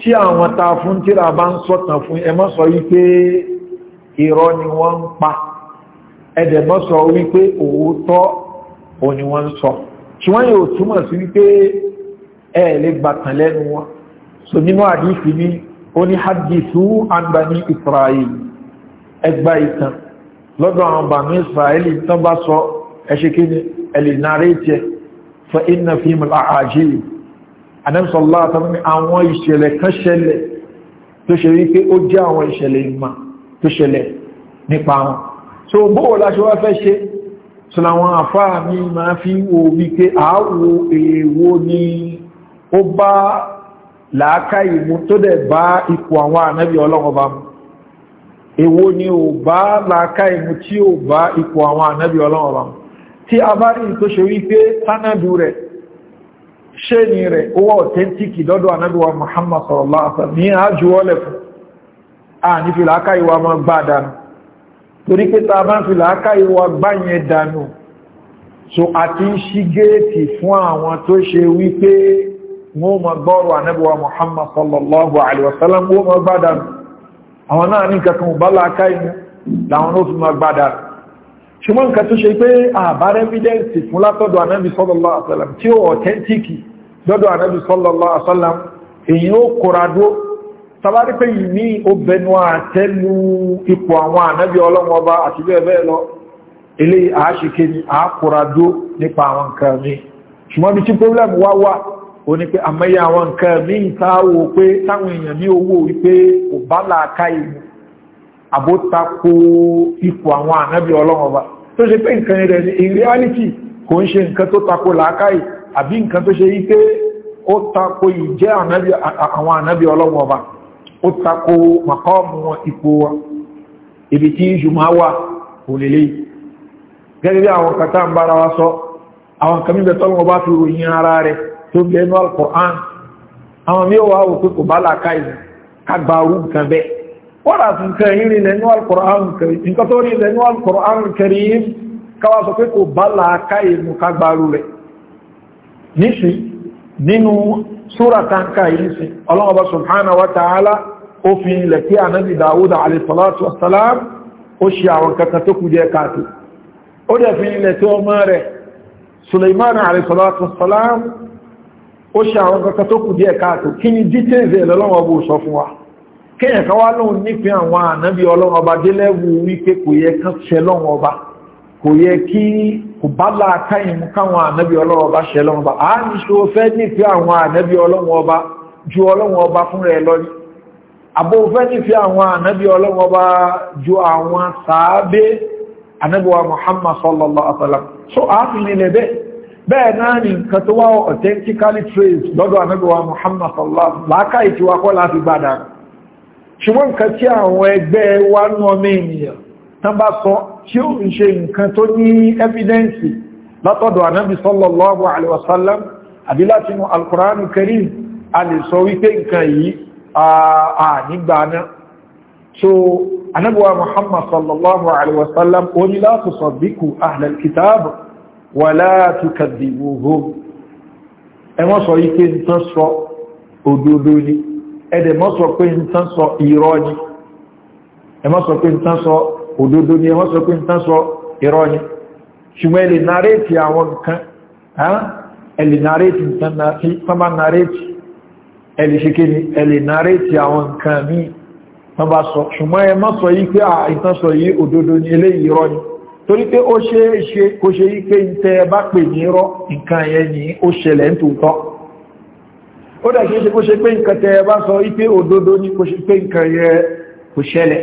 tí àwọn ta fún tíra bá ń sọ́tàn fún ẹ má sọ wípé irọ́ ni wọ́n ń pa ẹ̀dẹ̀ má sọ wípé òótọ́ ò ní wọ́n ń sọ tí wọ́n yóò túmọ̀ sí wípé ẹ lè gbàtàn lẹ́nu wọn so nínú àdífì ní ó ní hadithu an bani israel ẹgbà ìtàn lọ́dọ̀ àwọn bàmí israel tán bá sọ ẹ̀ṣẹ́kí ni ẹ̀lì nàrẹ́tẹ̀ inna fi mọ̀ anẹ́sọ̀lá àtàrí àwọn ìṣẹ̀lẹ̀ kan ṣẹlẹ̀ tó ṣe rí pé ó jẹ́ àwọn ìṣẹ̀lẹ̀ ìmá tó ṣẹlẹ̀ nípa wọn so bóò láṣọ wá fẹ́ ṣe so láwọn àfáà mi máa fi wo wípé àáwò èèwò ni ó bá làákà ìmú tó dẹ̀ bá ipò àwọn ànábì ọlọ́run bá mu èwo ni ò bá làákà ìmú tí ò bá ipò àwọn ànábì ọlọ́run mu tí a bá rí tó ṣe wípé tánàdù rẹ̀ ṣéènì rẹ̀ ó wà ọ̀tẹ́ntíkì lọ́dọ̀ anábíwa Muhammad sallallahu alaihi ní àjúwọ́lẹ̀ fún a ní fi yi ìwà ma gbá dànù torí pé ta bá ń fi làákà ìwà gbá yẹn so àti ń ṣí géètì fún àwọn tó ṣe wípé wọ́n gbọ́rọ̀ Muhammad ṣùgbọ́n nǹkan tó ṣe pé àbá evidence fún látọ̀dọ̀ anábì sallallahu alaihi wasallam tí ó authentic lọ́dọ̀ anábì sallallahu alaihi wasallam èyí ó kóra dó tabari pé yìí ní ó bẹnu àtẹ́lu ipò àwọn anábì ọlọ́wọ́ba àti bẹ́ẹ̀ bẹ́ẹ̀ lọ a kóra dó nípa àwọn nǹkan problem wá wà ó ní pé àmọ́yé àwọn nǹkan mi ń ta wo pé táwọn àbótakó ipò àwọn ànábì ọlọ́mọba tó ṣe pé nǹkan rẹ̀ ní in reality kò ń ṣe nǹkan tó takó làákàí àbí nǹkan tó ṣe wípé ó takó ìjẹ́ àwọn ànábì ọlọ́mọba ó takó makọ́ọ̀mù ipò wa ibi tí ìṣùmá wà kò lélẹ̀ gẹ́gẹ́ bí àwọn kàtà ń bára wa sọ àwọn kàmí bẹ̀ tọ́lọ́mọ bá fi ròyìn ara rẹ̀ tó wọ́n àti nǹkan yìí rí lẹ́nu al-Qur'an karim nǹkan tó rí quran karim káwà sọ pé kò bá làákà ìmú kágbàrú rẹ̀ níṣì nínú súra yìí sí Ọlọ́hun Ọba subhanahu wa ta'ala ó fi ilẹ̀ kí anábì Dawud alayhi salatu wassalam ó ṣe àwọn kankan fi ilẹ̀ tí ọmọ rẹ̀ Suleiman alayhi salatu wassalam ó ṣe àwọn kankan tó kù kéèyàn kan wá lóun nífẹ̀ẹ́ àwọn ànábì ọlọ́run ọba délẹ́wù wípé kò yẹ kán ṣe ọba kò yẹ kí kò bá láàkáyìn mú káwọn ànábì ọlọ́run ọba ṣe lọ́run ọba àá ní fẹ́ ọba ju ọlọ́run ọba fún rẹ̀ lọ ní àbò fẹ́ nífẹ̀ẹ́ àwọn ànábì ọlọ́run ọba ju àwọn sàábé ànábì wa Muhammad so bẹ́ẹ̀ náà ni nǹkan tó wá authentically ṣùgbọ́n nǹkan tí àwọn ẹgbẹ́ wa ní ọmọ ènìyàn tán bá sọ tí ó ń ṣe nǹkan tó ní evidence látọ̀dọ̀ anábi sallallahu alaihi wasallam àbí láti inú alkùránù karim a lè sọ wípé nǹkan yìí a nígbà náà so anábuwa muhammad sallallahu alaihi wasallam ó ẹ̀dẹ̀ mọ́ sọ pé ń tán sọ irọ́ ni ẹ mọ́ sọ pé ń tán sọ òdodo ni ẹ mọ́ sọ pé ń tán sọ irọ́ ni ṣùgbọ́n ẹ̀lẹ̀ nàrétì àwọn nǹkan ẹ̀lẹ̀ nàrétì nǹkan tí wọ́n bá nàrétì ẹ̀lẹ̀ ṣe kí ni ẹ̀lẹ̀ nàrétì àwọn nǹkan míì wọ́n bá sọ ṣùgbọ́n ẹ ó dà ṣeéṣe kó ṣe pé nǹkan tẹ́ bá sọ ipé òdodo ní kó ṣe pé nǹkan yẹ kò ṣẹlẹ̀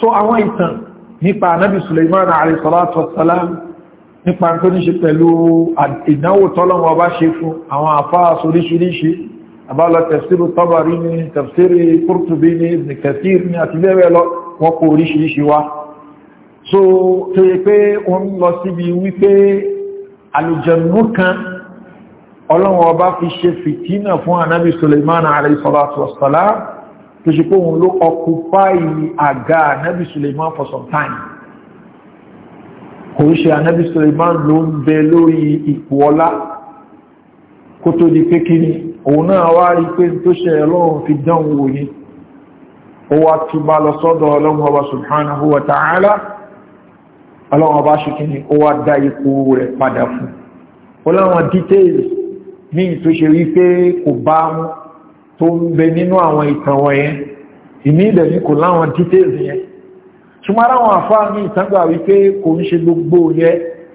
so àwọn ìtàn nípa anábì Suleiman alayhi salatu wassalam nípa tó ní ṣe pẹ̀lú ìdánwò tọ́lọ́wọ́ bá ṣe fún àwọn àfáà soríṣiríṣi àbálọ tafsiru Tabari ní tafsiri Qurtubi ní Ibn Kathir ní àti bẹ́ẹ̀ lọ wọ́n kó oríṣiríṣi wá so tó yẹ pé wọ́n lọ síbi wípé àlùjànnú kan ọlọ́run ọba fi ṣe fìtínà fún anábì suleiman alayhisalatu wasala tó ṣe pé òun ló ọkùpáyì àga anábì suleiman for some time kò ń ṣe anábì suleiman ló ń bẹ lórí ipò ọlá kó tó di pé kíni òun náà wá rí pé tó ṣe ọlọ́run fi dán wò ní ó wá túbá lọ sọ́dọ̀ ọlọ́run ọba subhanahu wa ta'ala ọlọ́run ọba ṣe kíni ó wá dá ipò rẹ̀ padà fún ọlọ́run details ní tó ṣe rí pé kò bá mú tó ń bẹ nínú àwọn ìtàn wọ̀nyẹn ìní ìdẹ̀ ní kò láwọn details yẹn ṣùgbọ́n àwọn àfá ní ìtàngbà wípé kò ń ṣe gbogbo yẹ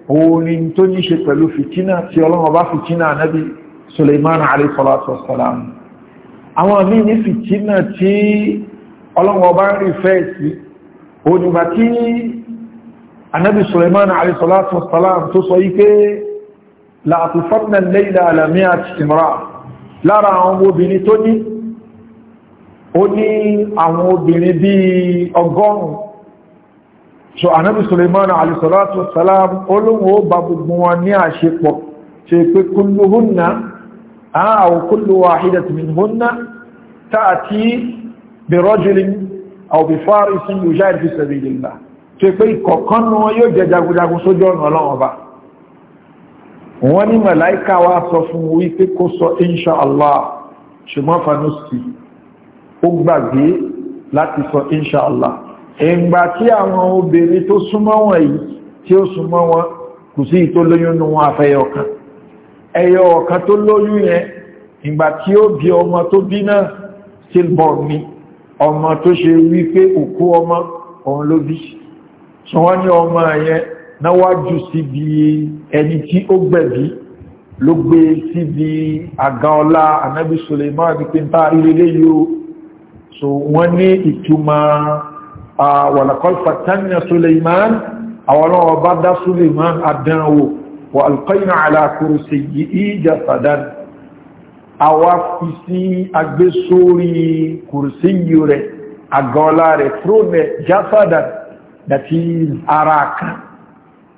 orin tó ní ṣe pẹ̀lú fìtínà tí ọlọ́run bá fìtínà nábi Suleiman alayhi salatu wassalam láàtùfọ́nà lẹ́yìn alàmí àti ìmọ̀ra lára àwọn obìnrin tó ní ó ní àwọn obìnrin bí ọgọ́rùn so anábi suleiman alisalatu salam olóhun ó bá gbogbo wọn ní àṣepọ̀ ṣe pé kúlù húnna àwọn kúlù wàhídàtìmìn húnna tààtí bí rọ́jìlín àwọn bí fárí sí yóò jáì fi sẹ̀rẹ̀ ìlà ṣe pé ìkọ̀kan wọn yóò jẹ jagunjagun sójú ọ̀nà ọlọ́run ọba wọ́n ní màláíkà wá sọ fún wípé kó sọ inṣà allah ṣùgbọ́n fanusi ó gbàgbé láti sọ inṣà allah ìgbà tí àwọn obìnrin tó súnmọ́ wọn yìí tí ó súnmọ́ wọn kò sí tó lóyún nù wọn àfẹ́yọ̀ kan ẹyọ ọ̀kan tó lóyún yẹn ìgbà tí ó bí ọmọ tó bí náà stillborn ni ọmọ tó ṣe wípé òkú ọmọ òun ló bí ṣùgbọ́n ní ọmọ yẹn náwájú síbi ẹni tí ó gbẹ̀bí ló gbé síbi àga ọlá anábì Suleiman ní pé ń tá ilé yóò so wọ́n ní ìtumọ̀ walaqad fatanna Suleiman àwọn ọlọ́wọ́ bá dá Suleiman adánwò wa alqayna ala kursiyyihi jasadan àwa fi sí agbé sórí kùrùsíyì rẹ̀ àga ọlá rẹ̀ trónẹ̀ jasadan that ara kan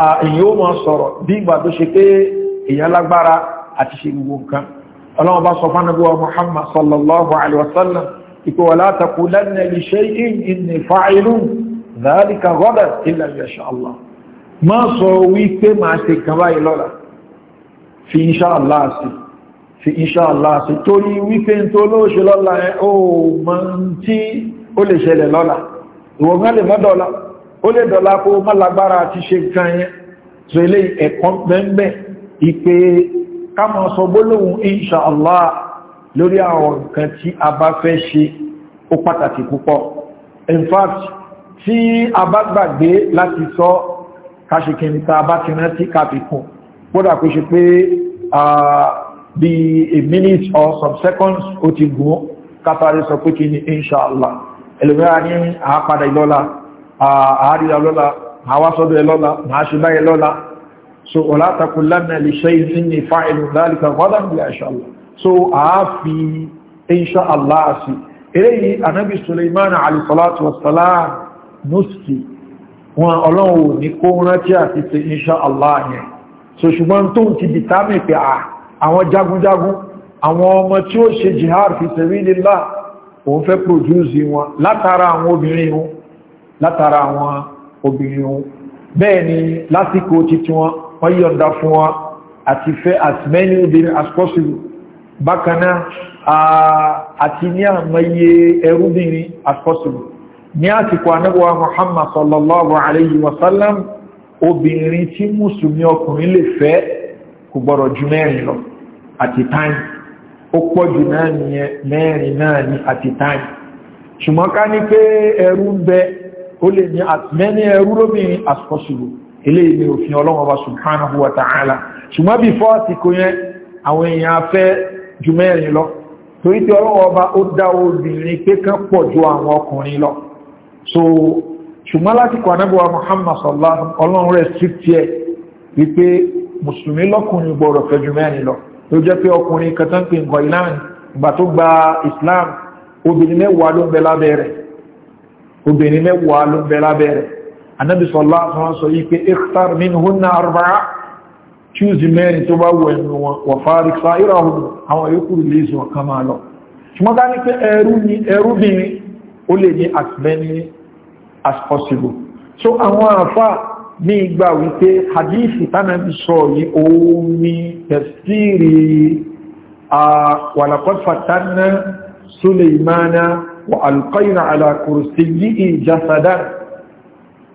èyí ó mọ́ sọ̀rọ̀ bí ìgbà tó ṣe pé èyàn lágbára àti ṣe gbogbo nǹkan ọlọ́wọ́ bá sọ fánàbí wa muhammad sallallahu alaihi wasallam ipò wà látàkù lẹ́nà lè ṣe ìní fa'ilú zàálìkà gọ́dà illa insha Allah má sọ wípé máa ṣe kan báyìí lọ́la fi insha Allah sí fi insha Allah sí ó lè dọ̀lá kó má lágbára àti ṣe nǹkan yẹn so ilé ẹ̀kọ́ mẹ́mẹ́ ìpé káàmà sọ gbólóhùn insha Allah lórí àwọn nǹkan tí a bá fẹ́ ṣe ó pàtàkì púpọ̀ in fact tí a bá gbàgbé láti sọ káṣekìnta bá ti rántí kàfikún kódà kó ṣe pé bí a minute or some seconds ó ti gùn kátàrí sọ pé kí ni insha Allah ẹlòmíràn ní àápadà ìlọ́la àárírà lọ́la àwa sọ́dọ̀ ẹ lọ́la máa ṣe báyẹ lọ́la so ọ̀lá takùnlánà lè ṣe ìsinmi fa'ilun lálìkà gọ́dán bí aṣọ́lá so a fi inṣà Allah sí eléyìí anábi Suleiman alisalatu wasalam nuski wọn ọlọ́run ní kó rántí àti ti inṣà Allah yẹn so ṣùgbọ́n tó ti dìtàmì pé àwọn jagunjagun àwọn ọmọ tí ó ṣe jihad fi sabilillah òun látara àwọn obìnrin wọn bẹ́ẹ̀ ni lásìkò títí wọn wọ́n yọ̀ǹda fún wọn àti fẹ́ as many obìnrin as possible bákan náà àti ní àmọye ẹrúbìnrin as possible ní àsìkò anábọ̀wá Muhammad sallallahu alayhi wa sallam obìnrin tí mùsùlùmí ọkùnrin lè fẹ́ kò gbọ́dọ̀ ju mẹ́rin lọ àti táìmù ó pọ̀jù náà nìyẹn mẹ́rin náà ni àti táìmù ṣùgbọ́n ká ní pé ẹrú ń bẹ́ẹ̀ ó lè ní as many ẹrú lóbìnrin as possible ilé ilé òfin ọlọ́wọ́ wa subhanahu wa ta'ala ṣùgbọ́n bí fọ́ àsìkò yẹn àwọn èèyàn afẹ́ ju mẹ́rin lọ torí tí ọlọ́wọ́ bá ó dá obìnrin pé kán pọ̀ ju àwọn ọkùnrin lọ so ṣùgbọ́n lásìkò anábọ̀wà Muhammad sallallahu alaihi wasallam ọlọ́run rẹ̀ strict yẹ wípé mùsùlùmí lọ́kùnrin gbọ́rọ̀ fẹ́ ju mẹ́rin lọ ló jẹ́ pé ọkùnrin kan tán Islam obìnrin mẹ́wàá ló ń bẹ rẹ̀ obìnrin mẹ́wàá ló bẹ lábẹ́rẹ̀ anábì sallallahu alaihi wasallam sọ yí pé ikhtar minhunna arba'a choose mẹ́rin tó bá wọ ẹnu wọn wà fariq sa'irahum àwọn yòókù release wọn máa lọ ṣùgbọ́n ní pé ẹrúbìnrin ó lè ní as many as possible so àwọn àfà ní ìgbà wípé hadithi tánàbí sọ yí òun ni tafsiri walaqad fatanna wa alqaina ala kursiyyi jasadan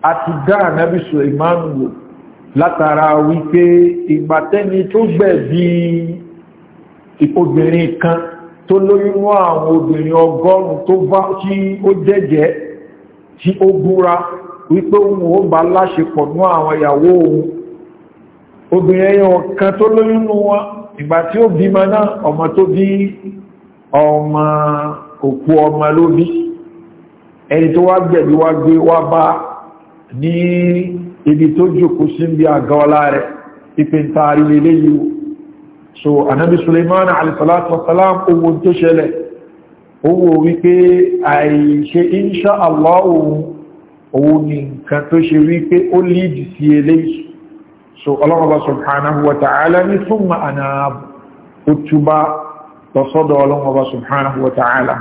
àti dá nabi Sulaiman wò látara wípé ìgbàtẹ́ni tó gbẹ̀bí obìnrin kan tó lóyún mọ́ àwọn obìnrin ọgọ́rùn tó bá tí ó wípé òun ó bá láṣepọ̀ ní àwọn ìyàwó òun obìnrin ẹyọ kan tó lóyún wọn ìgbà tí ó bímọ náà ọmọ tó bí ọmọ òkú ọmọ ló bí ẹni tó wá gbẹ̀bí wá gbé wá bá ní ibi tó jòkó sí bí àga ọlá rẹ̀ ìpín taari lélé yìí so anábi suleiman alisalatu wasalam owó tó ṣẹlẹ̀ owó wípé àìṣe inṣá allah ohun òun ni nǹkan tó ṣe wípé ó lídì sí eléyìí so Allah subhanahu wa ta'ala ní thumma anab ó lọ́sọ́dọ̀ ọlọ́run ọba subhanahu wa ta'ala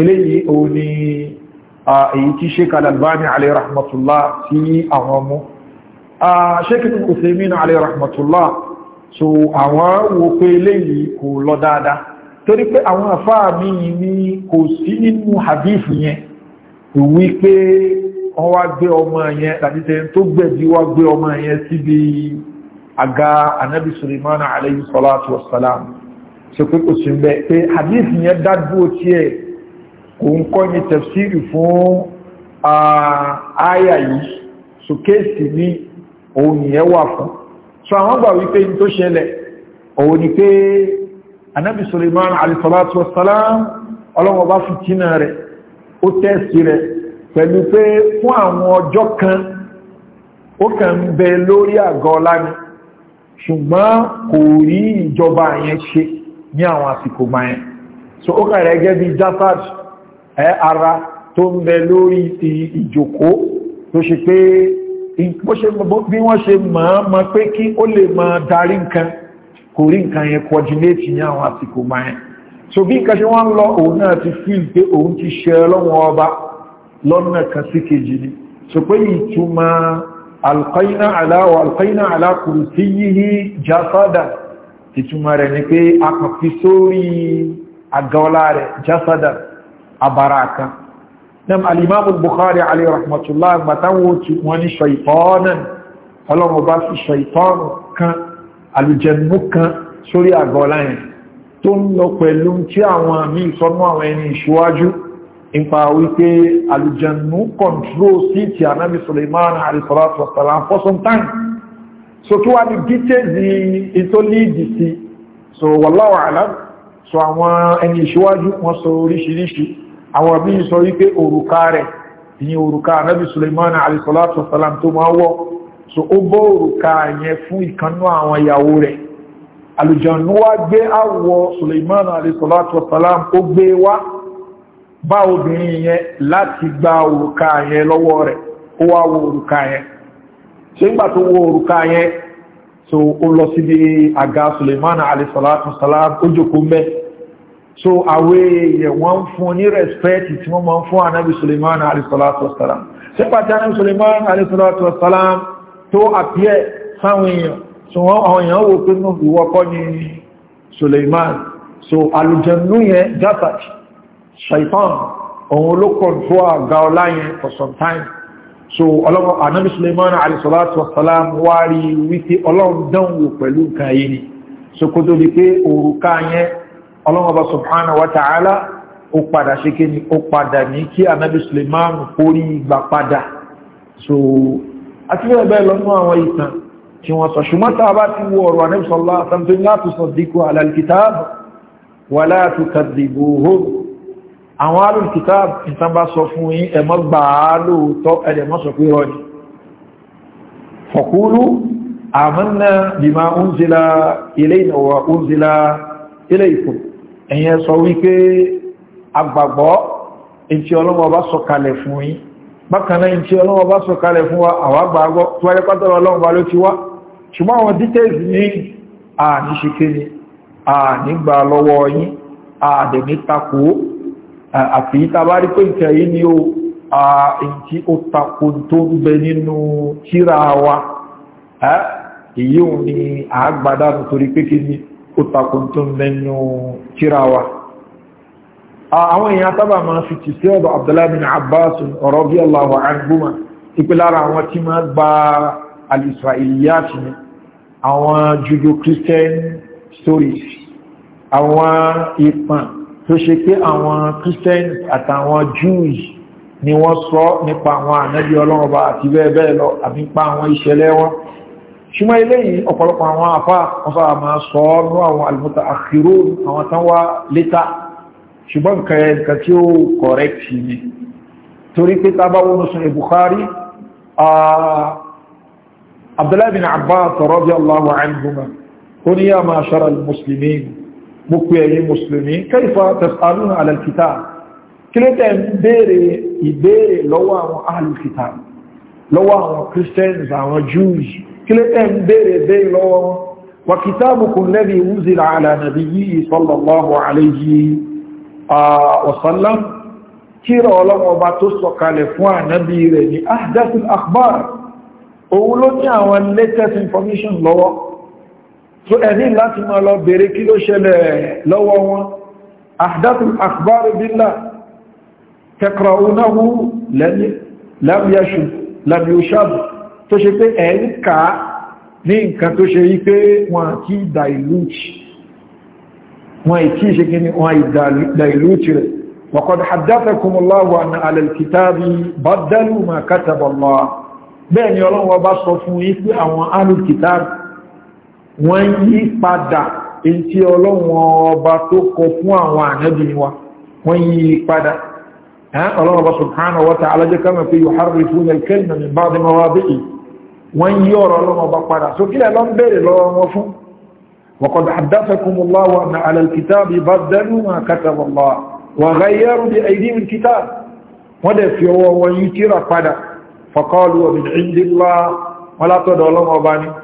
eléyìí o ní èyí tí sheik al-albani alayhi rahmatullah sí àwọn ọmọ sheik al-uthaymin alayhi rahmatullah so àwọn wo pé eléyìí kò lọ dáadáa torí pé àwọn àfáà mi ní kò sí nínú hadith yẹn wípé wọ́n wá gbé ọmọ yẹn tàbítẹ́ tó gbẹ̀bí wá gbé ọmọ yẹn síbi àga anábi alayhi salatu wasalam ṣe pé kò sí ń bẹ pé hadith yẹn dádúró tiẹ̀ kò ń kọ́ ní tafsiri fún àyà yìí so kéèsì ní òun nìyẹn wà fún so àwọn gbà wípé ní tó ṣẹlẹ̀ òun ni pé anabi suleiman alisalatu wasalam ọlọ́wọ́ bá fìtínà rẹ̀ ó tẹ́sì rẹ̀ pẹ̀lú pé fún àwọn ọjọ́ kan ó kàn ń bẹ lórí àgọ́ ọlá ni ṣùgbọ́n kò rí ìjọba ní àwọn àsìkò máa ẹ̀ so ó kàrẹ̀ gẹ́ bí jafar ẹ ara tó ń bẹ lórí ti ìjòkó tó ṣe pé bí wọ́n ṣe mọ̀ pé kí ó lè mọ̀ darí nǹkan kò rí nǹkan yẹn coordinate ní àwọn àsìkò máa ẹ̀ so bí nǹkan ṣe wọ́n lọ òun náà ti fíìl pé òun ti ṣe ọlọ́wọ́n ọba lọ́nà kan sí kejì ni so pé ìtumọ̀ alqaina ala wa alqaina ala kursiyyihi jasada ìtumọ̀ rẹ̀ ni pé a kàn fi sórí àgọ́lá rẹ̀ jásádà abara kan nam alimamu bukhari alayhi rahmatullah gbàtàwò tí wọ́n ní ṣaitọ́nàn ọlọ́run bá fi ṣaitọ́nù kan alùjẹ̀mú kan sórí àgọ́lá yẹn tó ń lọ pẹ̀lú tí àwọn àmì ìsọ́nú àwọn ẹni ìṣíwájú nípa wípé alùjẹ̀mú kọ̀ntró sí ti anábì suleiman alayhi so kí wá ní details ètò líìdì sí so wallahu alam so àwọn ẹni ìṣíwájú wọn sọ oríṣiríṣi àwọn bí i sọ wípé òrùka rẹ̀ ìyìn òrùka anábì suleiman alisalatu wasalam tó máa wọ́ so ó bọ́ òrùka yẹn fún ìkanú àwọn ìyàwó rẹ̀ alùjọ̀nú wá gbé àwọ̀ suleiman alisalatu wasalam ó gbé wá bá obìnrin yẹn láti gba òrùka yẹn lọ́wọ́ rẹ̀ ó wá wọ òrùka yẹn ṣe ń gbà tó wọ òrùka yẹn so ó lọ síbi àga suleiman alayhisalatu salam ó jòkó ń so àwọn èèyàn wọn fún ní respect tí wọn máa ń fún anabi suleiman alayhisalatu salam ṣe pàtí anabi suleiman alayhisalatu salam tó àpíẹ sáwọn èèyàn so wọn àwọn èèyàn wò pé nù ìwọkọ ni suleiman so alùjẹ̀nú yẹn jasad shaitan òun ló kọ̀ọ̀dọ́ àga ọlá yẹn for some time so ọlọ́wọ́ anabi suleiman alayhisalatu wasalam wá rí wípé ọlọ́run dánwò pẹ̀lú nǹkan yìí ni so kó tó di pé òrùka yẹn ọlọ́run ọba subhanahu wa ta'ala ó padà ṣe ni ó padà ní kí anabi suleiman kórí ìgbà padà so àti bẹ́ẹ̀ bẹ́ẹ̀ lọ́nà àwọn ìtàn tí wọ́n sọ ṣùgbọ́n tá a bá ti wo ọ̀rọ̀ anabi sallallahu alaihi wasallam tó ní láti sọ díkù alal kitab wala tukadhibuhu àwọn alùkítà ìtàbá sọ fún yí ẹmọ́ gbà á lóòótọ́ ẹ̀dẹ̀mọ́ sọ pé rọ́ni fọ̀kúrú àmọ́nà bíma oúnjẹ́lá ilé ìnàwó oúnjẹ́lá ilé ìkù ẹ̀yẹ sọ wípé agbàgbọ́ ìtí ọlọ́mọ bá sọ kalẹ̀ fún yí bákanáà ìtí ọlọ́mọ bá sọ kalẹ̀ àfi tàbá rí pé ìtẹ̀ yìí ni ó tí ó tako tó ń bẹ nínú tíra wa èyí ò ní àágbádánù torí pé kí ni ó tako tó ń bẹ nínú tíra wa àwọn èèyàn sábà máa fi tì sí ọ̀dọ̀ Abdullahi bin Abbas radiyallahu anhuma ìpé lára àwọn tí máa gba al-Isra'iliyat ni àwọn Judeo-Christian stories àwọn ìpàn tó ṣe pé àwọn christians àtàwọn jews ni wọ́n sọ nípa àwọn ànábí ọlọ́ọ̀bá àti bẹ́ẹ̀ bẹ́ẹ̀ lọ àbí pa àwọn ìṣẹ̀lẹ̀ wọn ṣùgbọ́n eléyìí ọ̀pọ̀lọpọ̀ àwọn àfá ọfà máa sọ ọ́nú àwọn alìmọ́ta àkírò àwọn tán wá létà ṣùgbọ́n nǹkan tí ó correct ni torí pé tá bá wọnú sun Bukhari Abdullahi bin Abbas radiyallahu anhuma ó ní yá máa ṣara muslimin mo pè ẹ̀yin mùsùlùmí kayfa tas'aluna 'ala al-kitab kí ló tẹ̀ ń béèrè ìbéèrè lọ́wọ́ àwọn ahlul kitab lọ́wọ́ àwọn christians àwọn jews kí ló tẹ̀ ń béèrè béèrè lọ́wọ́ wọn wa kitabukum alladhi wuzila 'ala nabiyyi sallallahu alayhi so ẹni láti máa lọ bèèrè kí ló ṣẹlẹ̀ lọ́wọ́ wọn ahdathul akhbar billah taqra'unahu lam yashub lam yushab tó ṣe pé ẹ̀ ń ká ní nǹkan tó ṣe yí pé wọn àti dilute wọn ìtí ṣe gini wọn dilute rẹ̀ wa qad haddathakumullahu anna 'ala wọ́n yí padà èyí tí ọlọ́wọ́n ọba tó kọ fún àwọn ànábì wa wọ́n yí padà ọlọ́wọ́n ọba subhanahu wa ta'ala jẹ́ kama pé yuharrifuna al-kalima min ba'di mawadi'i wọ́n yí fún wa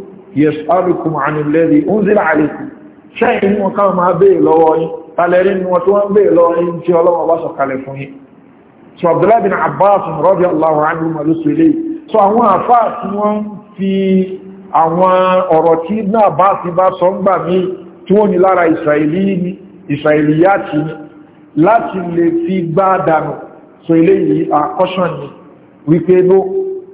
yẹ̀sàrùkùn ànìlẹ́rí oúnjẹ́lá àríkù ṣẹ́yìn wọn káwọn máa bèèrè lọ́wọ́ yìí tàlẹ́rí ni wọn tó wọ́n bèèrè lọ́wọ́ yìí tí ọlọ́wọ́ bá sọ̀kalẹ̀ fún yìí so abdullahi bin abbas rọ́bí allahu anhu malu sule so àwọn àfáà tí wọ́n fi àwọn ọ̀rọ̀ tí náà bá ti bá sọ ń wípé ló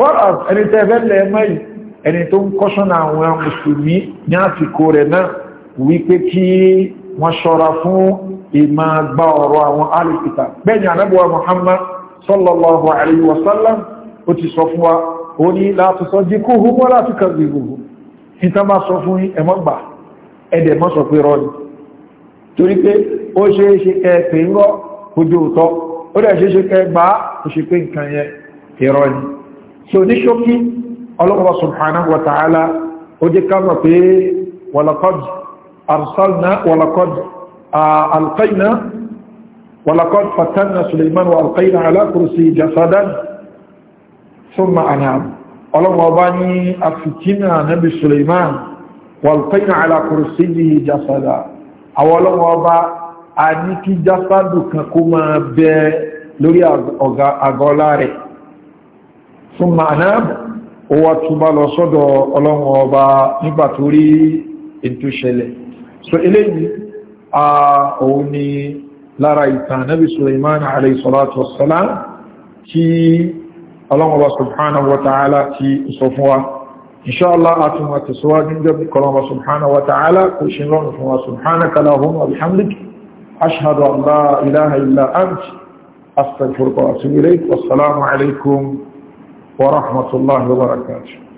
wọ́n ẹni tẹ́fẹ́ lẹ́ẹ̀mọ́ yìí ẹni tó ń kọ́ṣọ́nà àwọn mùsùlùmí ní àsìkò rẹ̀ náà wípé kí wọ́n ṣọ́ra fún ìmá gba ọ̀rọ̀ àwọn alìkìta bẹ́ẹ̀ni anábúwa Muhammad sallallahu alayhi wa sallam ó ti sọ fún wa ó ní láti sọ jí kú húmọ́ láti kàgbì gbogbo ìta máa sọ fún ẹmọ́gbà ẹ̀dẹ̀ mọ́ sọ pé rọ́ torí pé ó ṣeéṣe kẹ́ẹ̀pẹ̀ ń rọ́ ojú òótọ́ so ní ṣókí ọlọ́pàá subhanahu wa ta'ala ó jẹ́ ká mọ̀ pé walaqad arsalna walaqad alqayna walaqad fatanna suleiman wa alqayna ala kursi jasadan thumma anam ọlọ́pàá bá ní afitina nabi suleiman wa alqayna ala kursiyihi jasada àwọn ọlọ́pàá bá a ní kí jasadu kan kó bẹ lórí àgọ́lá rẹ̀ fún màánà ó wá túbá lọ sọ́dọ̀ ọlọ́run ọba nígbà tó rí ètò so eléyìí a òun ni lára ìtàn nábi Suleiman alayhi salatu wassalam tí ọlọ́run ọba subhanahu wa ta'ala ti sọ fún wa inṣáàlá àtúnwà tẹ̀síwájú jẹ́bí kọlọ́wà subhanahu wa ta'ala kò ṣe lọ́nà fún wa subhanaka wa bihamdik ashhadu an ilaha illa ant astaghfiruka wa atubu alaikum ورحمة الله وبركاته